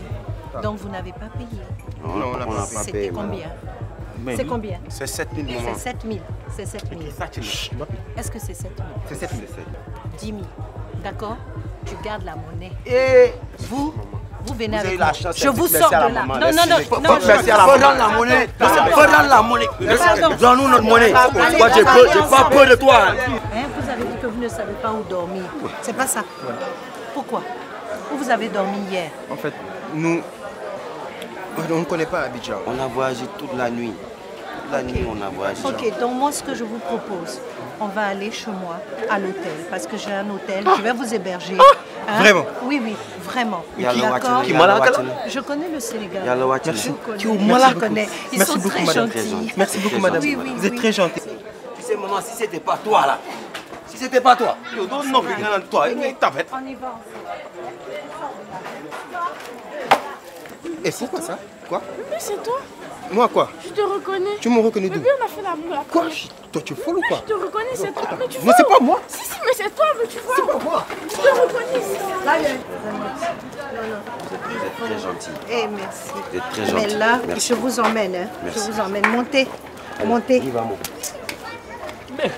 Speaker 8: donc vous n'avez pas payé.
Speaker 3: non on n'a pas payé c'était combien. C'est combien C'est 7 000 maman. C'est
Speaker 8: 7 000. C'est 7 000. Est-ce que c'est 7 000 C'est 7 000. 10 000. D'accord Tu gardes la monnaie. Et vous, vous venez avec moi. Je vous sors de là. Non, non, non. Faut
Speaker 1: rendre la monnaie. Faut la monnaie. Donne-nous notre monnaie. Moi, j'ai pas peur de toi.
Speaker 8: Hein, vous avez dit que vous ne savez pas où dormir. C'est pas ça. Pourquoi Où vous avez dormi hier
Speaker 1: En fait, nous, on ne connaît pas Abidjan. On a voyagé toute la nuit. Toute la nuit, on a voyagé. Ok,
Speaker 8: donc moi, ce que je vous propose, on va aller chez moi à l'hôtel parce que j'ai un hôtel, je vais vous héberger. Ah hein? Vraiment Oui, oui, vraiment. Je connais le Sénégal. moi
Speaker 1: Je connais. Ils Merci sont beaucoup, très madame. Merci beaucoup, madame. vous êtes très gentil. Tu sais, maman, si c'était pas toi là, si c'était pas toi, je donne non, toi, On y va. Et c'est quoi ça Quoi Mais c'est toi moi quoi
Speaker 5: Je te reconnais. Tu me reconnais d'où on a fait l'amour Quoi Toi tu es ou quoi Je te reconnais,
Speaker 7: c'est toi. Mais c'est pas moi Si, si, mais c'est toi, mais tu vois. C'est pas moi Je te reconnais. Là,
Speaker 8: il
Speaker 6: Vous êtes très gentil. Eh, merci. Vous êtes très
Speaker 8: gentil. Mais là, je vous emmène. Hein. Je vous emmène. Montez. Montez. Il va, mon.
Speaker 1: Mais.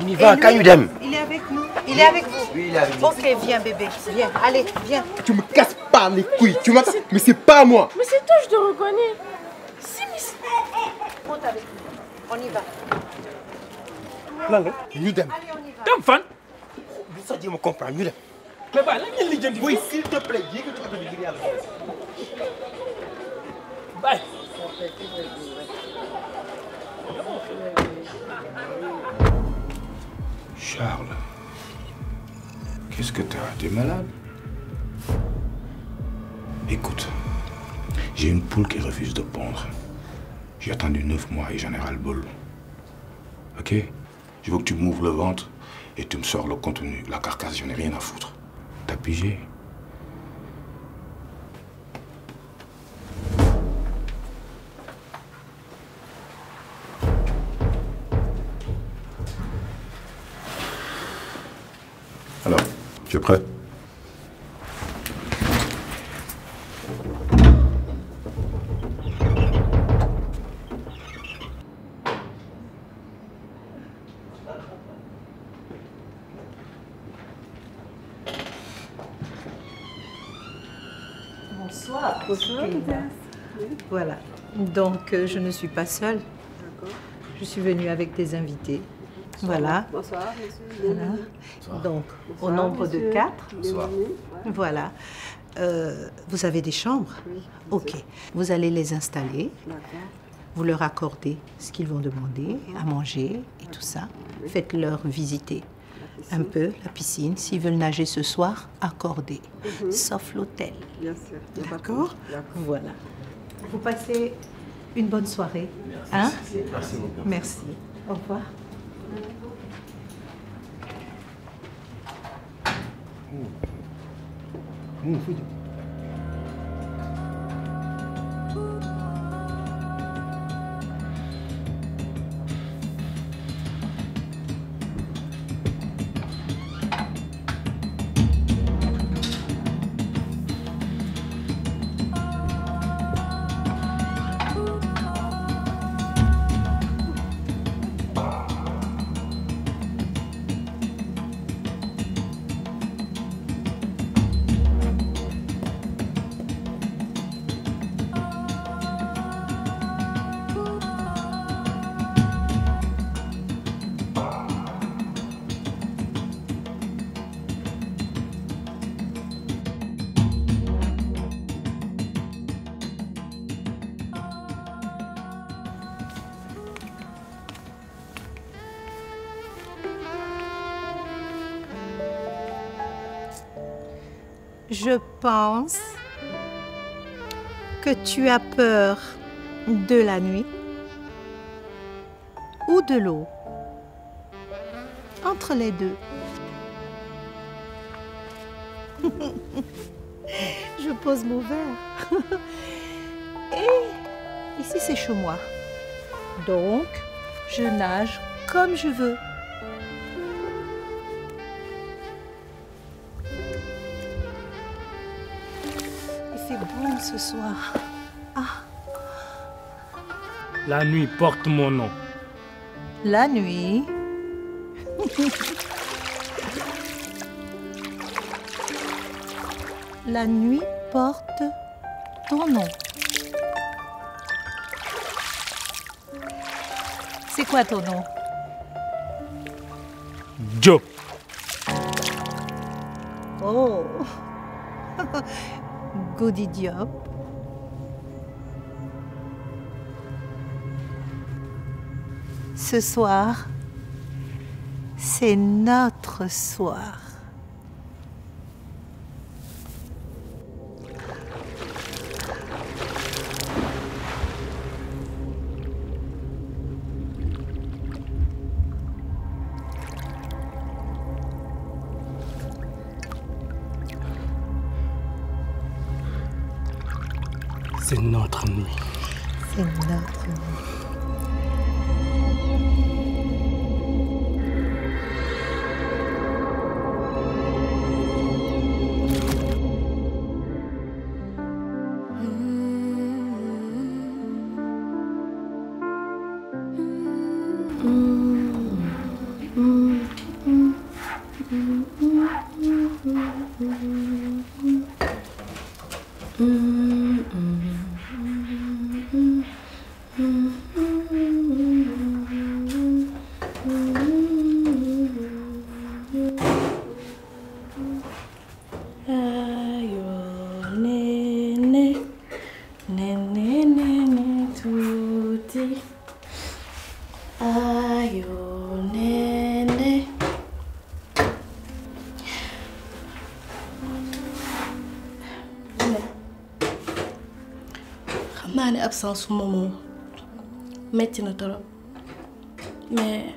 Speaker 1: On y va, Caillou Il
Speaker 8: est avec nous. Il est avec vous. Oui, il est avec nous. Ok, viens, bébé. Viens. Allez, viens.
Speaker 1: Tu me casses pas les couilles. Tu Mais c'est pas moi.
Speaker 8: Mais c'est toi, je te reconnais avec nous. On y va.
Speaker 1: lan nudem. ñu dem. dem fan. Ça dit, jéem a comprendre ñu dem. mais ba la ngeen lijjanti. oui s'il te plaît de oto bi la place. Bye.
Speaker 3: Charles, qu'est-ce que t'as es malade Écoute, j'ai une poule qui refuse de pondre. J'ai attendu neuf mois et j'en ai ras le bol. Ok Je veux que tu m'ouvres le ventre et tu me sors le contenu. La carcasse, j'en ai rien à foutre. T'as pigé
Speaker 9: Alors, tu es prêt
Speaker 8: Donc, euh, je ne suis pas seule. Je suis venue avec des invités. Voilà. Bonsoir, monsieur. Voilà. Donc, au nombre de quatre. Bonsoir. Voilà. Euh, vous avez des chambres oui, Ok. Vous allez les installer. Vous leur accordez ce qu'ils vont demander, à manger et tout ça. Faites-leur visiter un peu la piscine. S'ils veulent nager ce soir, accordez. Mhm. Sauf l'hôtel. Bien sûr. D'accord Voilà. Vous passez une bonne soirée. Merci. Hein? Merci. Au revoir. je pense que tu as peur de la nuit ou de l'eau Entre les deux. je pose mon verre. Et ici, c'est chez moi. Donc, je nage comme je veux. Ah.
Speaker 4: La nuit porte mon nom.
Speaker 8: La nuit La nuit porte ton nom. C'est quoi ton nom
Speaker 4: Joe.
Speaker 6: Oh
Speaker 8: Goody Diop. ce soir, c'est notre soir.
Speaker 7: benn absence su moomoo metti na torop mais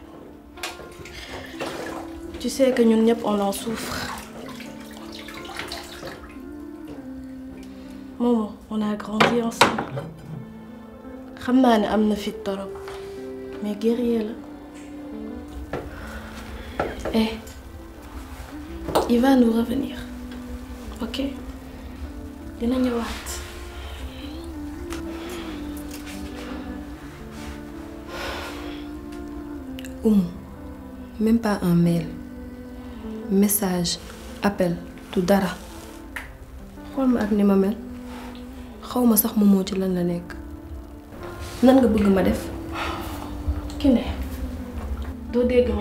Speaker 7: tu sais que nous ñëpp on en souffre Maman, on a grandi ensemble xam a ne torop mais guerrier là.
Speaker 5: eh il va nous revenir ok dina ñëwaat. Um, même pas un mail message appel tout dara pas Je ma mail? ne sax si ci lan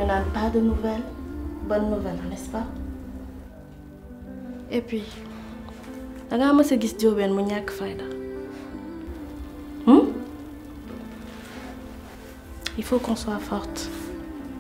Speaker 7: la pas de nouvelles bonne nouvelle n'est-ce pas. et puis je ne sais pas gis Diobène mu de fayda. Hmm? il faut qu'on soit forte.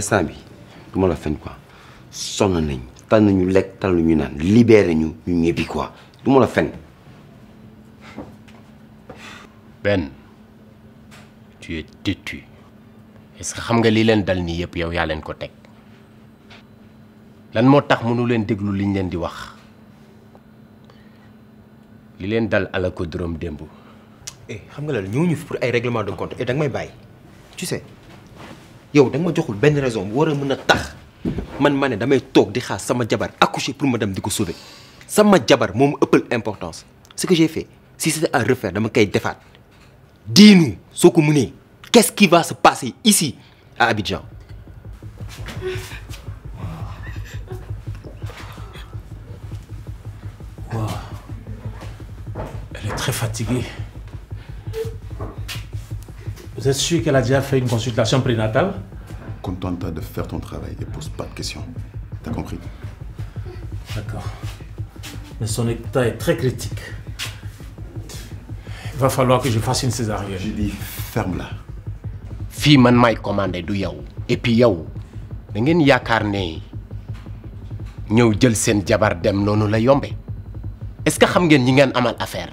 Speaker 1: instant bi du la fen quoi sonn nañ tal nañu lekk tal nañu naan libéré ñu ñu ñibbi quoi du la fen Ben
Speaker 2: tu es têtu est-ce que xam nga li leen dal ni yépp yow yaa leen ko teg lan moo tax mënu leen déglu liñ leen di wax li leen dal ko dërëm démb.
Speaker 1: eh xam nga la ñëwuñu fi pour ay règlement de compte et eh, danga may bàyyi tu sais yow da ma joxul ben raison bu war a tax man mané damay tok di xaar sama jabar accoucher pour Madame diko sauver sama jabar mom ëppal importance ce que j'ai fait si c'était à refaire dama kay defaat dis-nous mune qu'est-ce qui va se passer ici à Abidjan
Speaker 4: Wow. Elle est très fatiguée. Vous êtes sûr qu'elle a déjà fait une consultation prénatale
Speaker 3: Contente de faire ton travail et pose pas de questions. T'as compris D'accord. Mais son état est très critique. Il va falloir que je fasse une césarienne. Je dis ferme-la.
Speaker 2: Fille, man commande commander du yow et puis yow da ngeen yaakaar ne jël sen jabar dem nonu la yombe est-ce que xam ngeen ñi ngeen amal affaire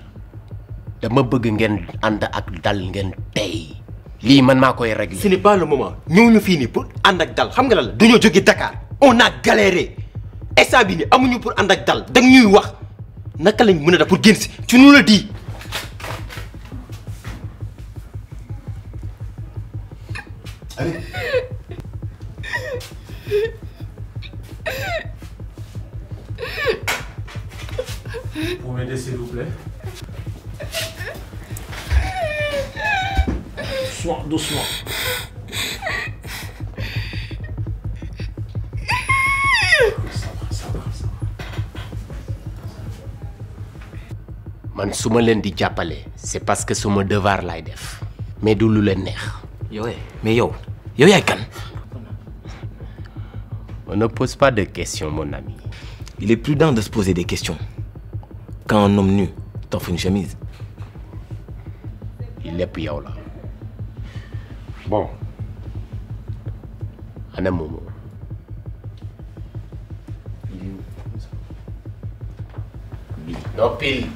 Speaker 2: dama bëgg ngeen ak dal ngeen tay.
Speaker 1: li man makoy régler. ce n'est pas le moment ñooñu ñu fini pour ànd ak dal xam nga la duñu joggi Dakar on a galéré instant bi nii amuñu pour ànd ak dal dag ñuy wax naka lañ mëna da pour génn ci tu nous le dis.
Speaker 3: Vous m'aidez s'il vous plaît doucement, doucement.
Speaker 2: man si je leen di c'est parce que mon devoir laay mais je lu leen mais yo yo, à kan. on ne pose pas de questions mon ami. il est prudent de se poser des questions quand un homme nu t'offre une chemise. Il est plus la. Bon. En un moment. Non, Pile,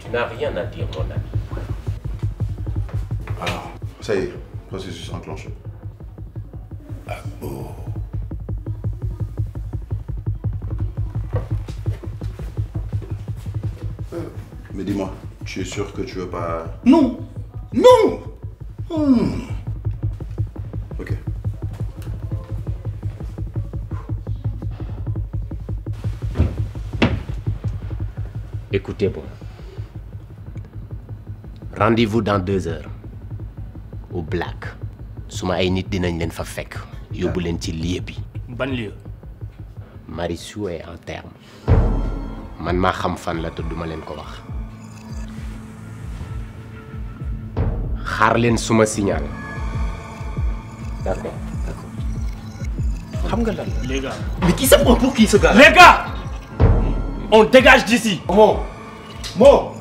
Speaker 2: tu n'as rien à dire, mon ami.
Speaker 9: Alors, ça y est, processus enclenché. Ah, oh. euh, mais dis-moi, tu es sûr que tu veux pas...
Speaker 3: Non Non hmm.
Speaker 2: Rendez-vous dans deux heures au Black suma ay nit dinañ leen fa lieu bi. ban est en terme man ma xam fan la te duma leen ko wax signal
Speaker 1: d'accord mais qui pour qui les on dégage d'ici. Oh. Mo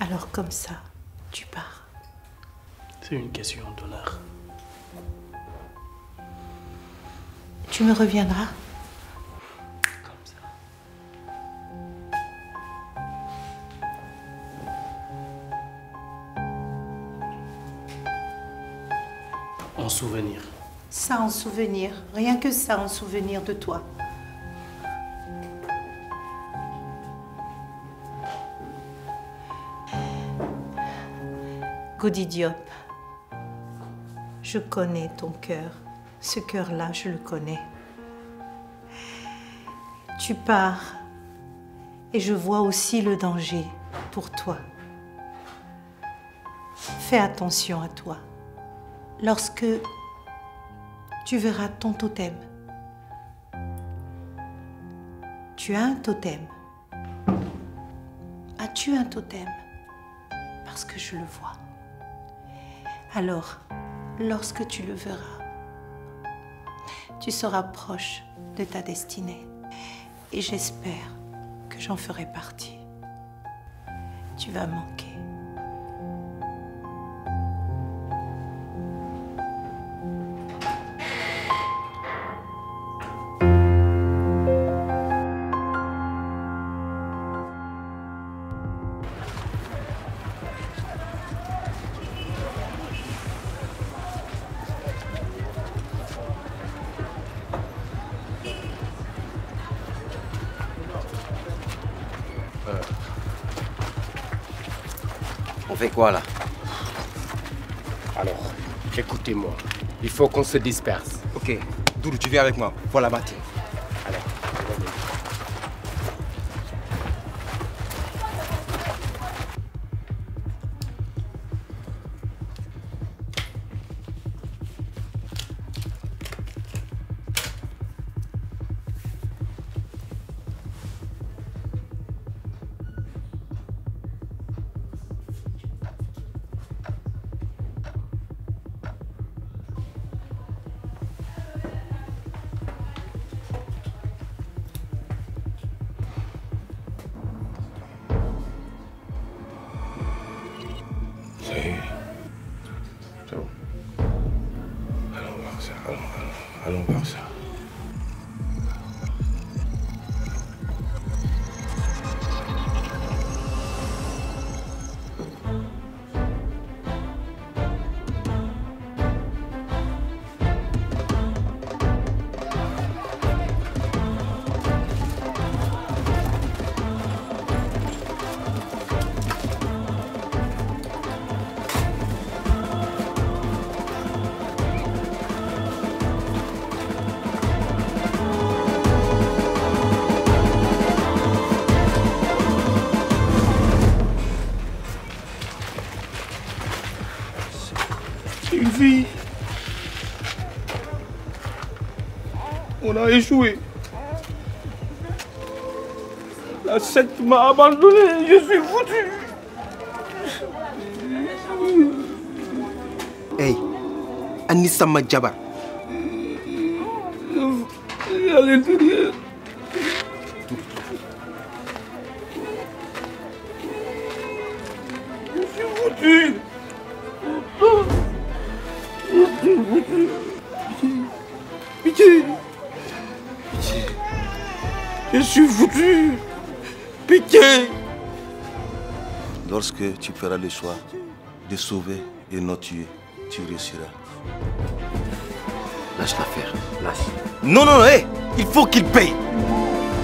Speaker 8: Alors comme ça,
Speaker 4: tu pars. C'est une question d'honneur.
Speaker 8: Tu me reviendras souvenir, rien que ça en souvenir de toi. Godidiop, je connais ton cœur. Ce cœur-là, je le connais. Tu pars et je vois aussi le danger pour toi. Fais attention à toi. Lorsque tu verras ton totem. Tu as un totem. As-tu un totem Parce que je le vois. Alors, lorsque tu le verras, tu seras proche de ta destinée. Et j'espère que j'en ferai partie. Tu vas manquer.
Speaker 2: Avec quoi là Alors, écoutez-moi.
Speaker 1: Il faut qu'on se disperse. Ok. Doudou, tu viens avec moi. Voilà, matière.
Speaker 3: échoué. La secte m'a abandonné. Je suis foutu.
Speaker 9: Hey,
Speaker 1: Anissa Madjabar,
Speaker 9: tu feras le choix de sauver et non tuer. Tu réussiras. Lâche l'affaire. Lâche.
Speaker 1: Non, non, non, il faut qu'il paye.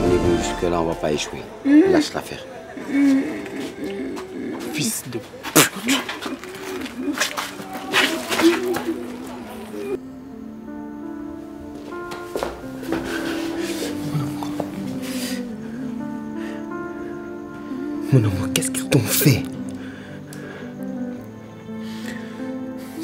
Speaker 1: On est venu jusque-là, on va pas échouer. Mmh. Lâche l'affaire.
Speaker 6: Mmh.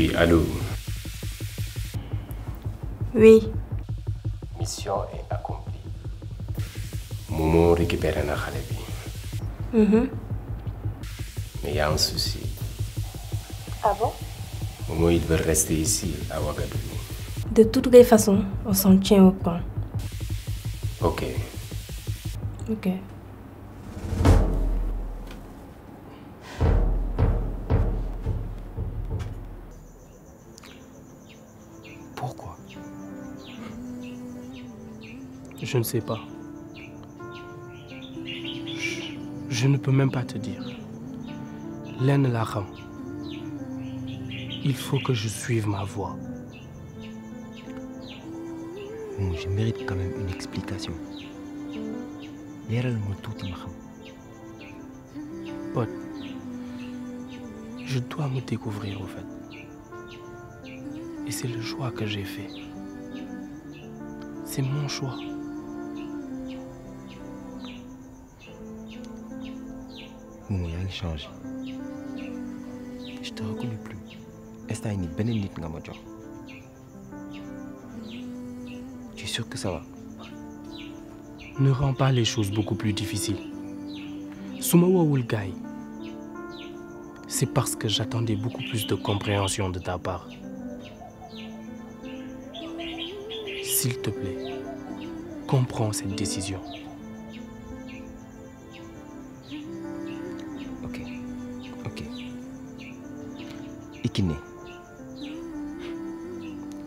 Speaker 2: Oui, allô Oui. Mission est accomplie. Momo récupère un Khalebi. Mhm. Mais il y a un souci. Ah bon Momo, il veut rester ici, à
Speaker 7: Ouagadougou. De toutes les façons, on s'en tient au point.
Speaker 4: Je ne sais pas. Je, ne peux même pas te dire. Laine il faut que je suive ma voie.
Speaker 1: je mérite quand même une explication. Pote,
Speaker 4: je dois me découvrir au fait. Et c'est le choix que j'ai fait. C'est mon choix.
Speaker 1: Je
Speaker 6: je te reconnais plus
Speaker 1: Est-ce que tu tu es sûr que ça va.
Speaker 4: ne rends pas les choses beaucoup plus difficiles Soumawa c'est parce que j'attendais beaucoup plus de compréhension de ta part s'il te plaît comprends cette décision.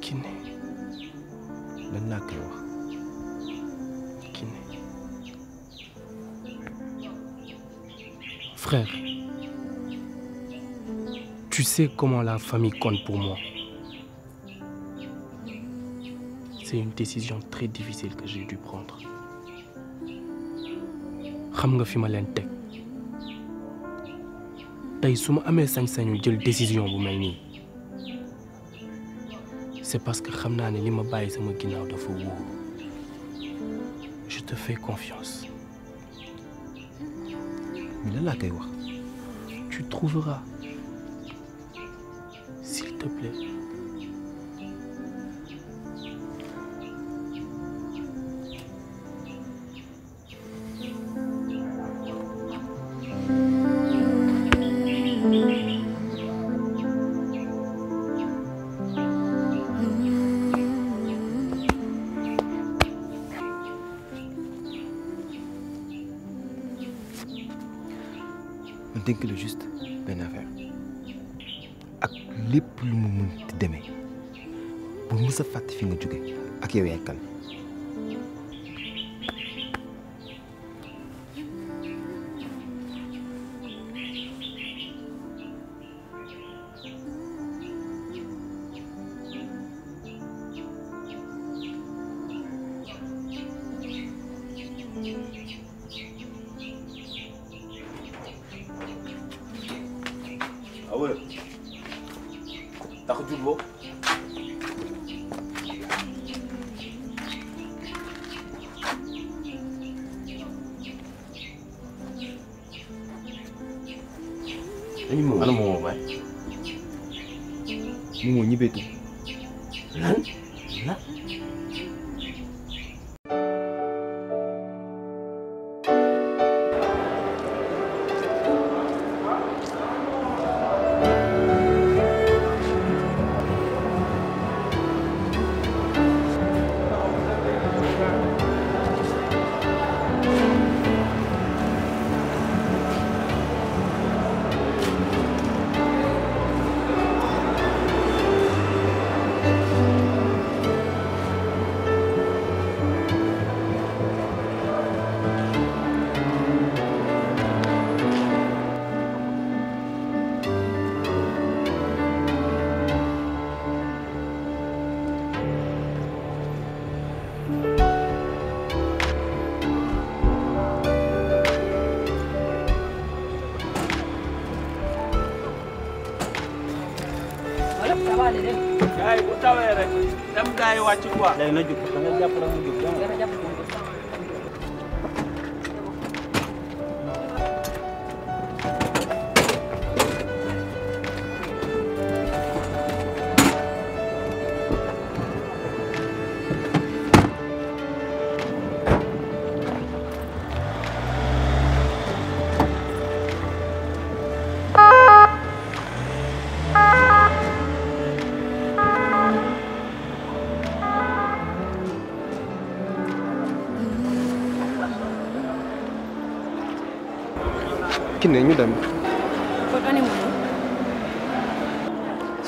Speaker 2: Kiné ben
Speaker 4: frère tu sais comment la famille compte pour moi c'est une décision très difficile que j'ai dû prendre nga tay su amé sañ-sañu jël décision bu melni c'est parce que xamna né lima baye sama ginnaaw dafa wóoru je te fais confiance. mais lan kay wax. tu trouveras s'il te plaît.
Speaker 1: wàcc quoi. léegi na jug da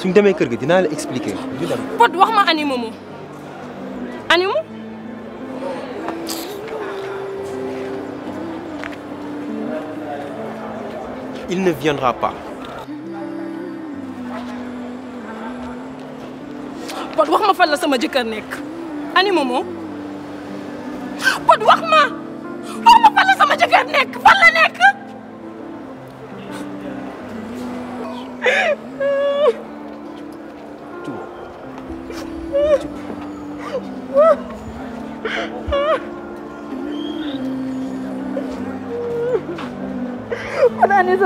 Speaker 1: suñ demee kër gi dinaa la expliquer.
Speaker 7: Pod wax ma animu mu animu.
Speaker 1: il ne viendra pas.
Speaker 5: Pod wax ma fan la sama jëkkër nek animo mo Pod wax ma.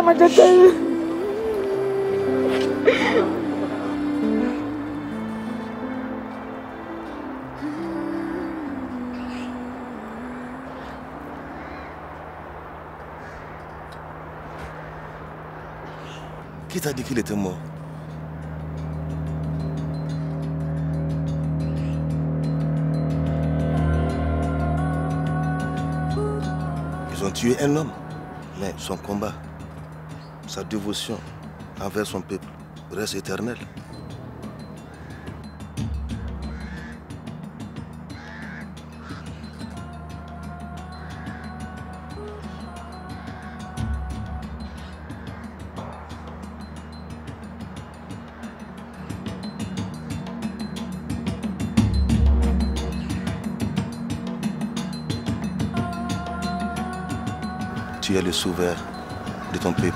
Speaker 5: Qui
Speaker 9: t'a dit qu'il était mort Ils ont tué un homme, mais son combat la dévotion envers son peuple reste éternelle. Tu es le sauveur de ton peuple.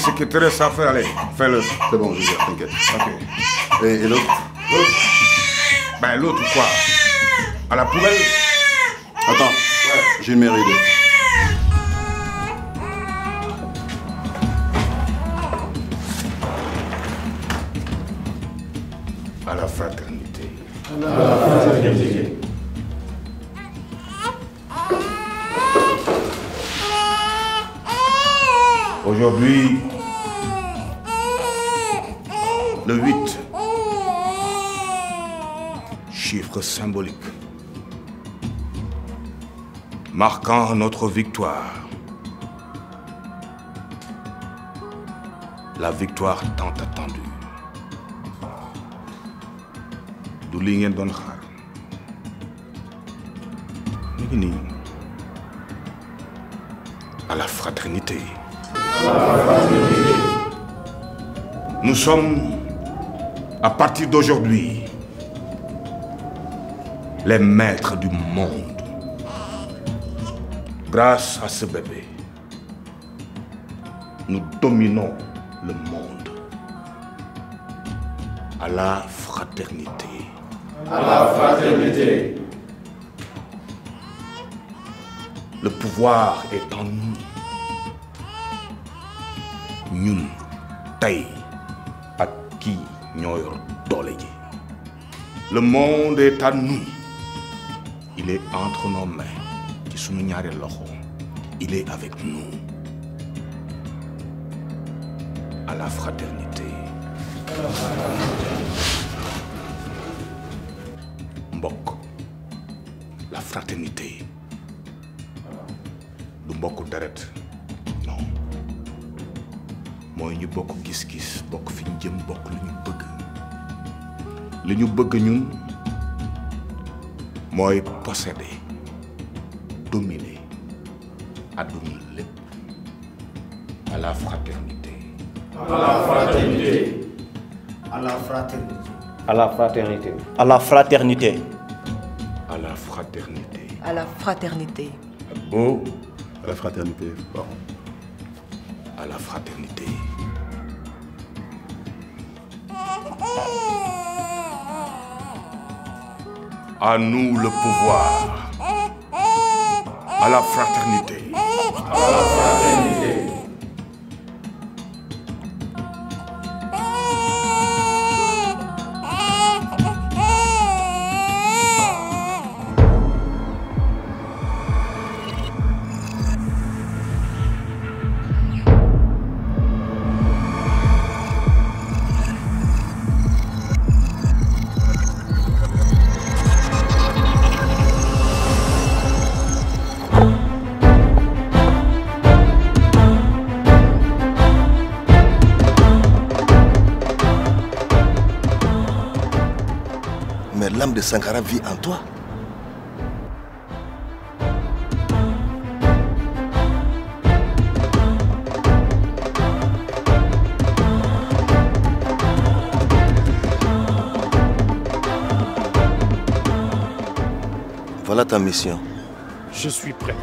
Speaker 3: ce sécurité, ça faire, allez, Fais-le. C'est bon, je vais t'inquiète. Ok. Et, et l'autre L'autre Ben l'autre quoi À la poubelle Attends, j'ai une meilleure idée. le 8, chiffre symbolique, marquant notre victoire. La victoire tant attendue. du Donchar, à la fraternité Nous sommes, à partir d'aujourd'hui, les maîtres du monde. Grâce à ce bébé, nous dominons le monde. À la fraternité. À la fraternité. Le pouvoir est en nous. le monde est à nous il est entre nos mains ci suñu loxo il est avec nous à la fraternité Mbok. la fraternité du mbokk deret non mooy ñu bokk gis-gis bokk fi ñu jëm bokk lu ñu bëgg li ñu bëgg ñun posséder dominer à la fraternité.
Speaker 6: à la fraternité. à la fraternité.
Speaker 3: à la fraternité. à la fraternité. à la fraternité.
Speaker 8: à la fraternité.
Speaker 3: à la fraternité. à la fraternité. À nous le pouvoir. À la fraternité. À
Speaker 6: la fraternité.
Speaker 9: de Sankara vit en toi. Voilà ta mission.
Speaker 6: Je suis prêt.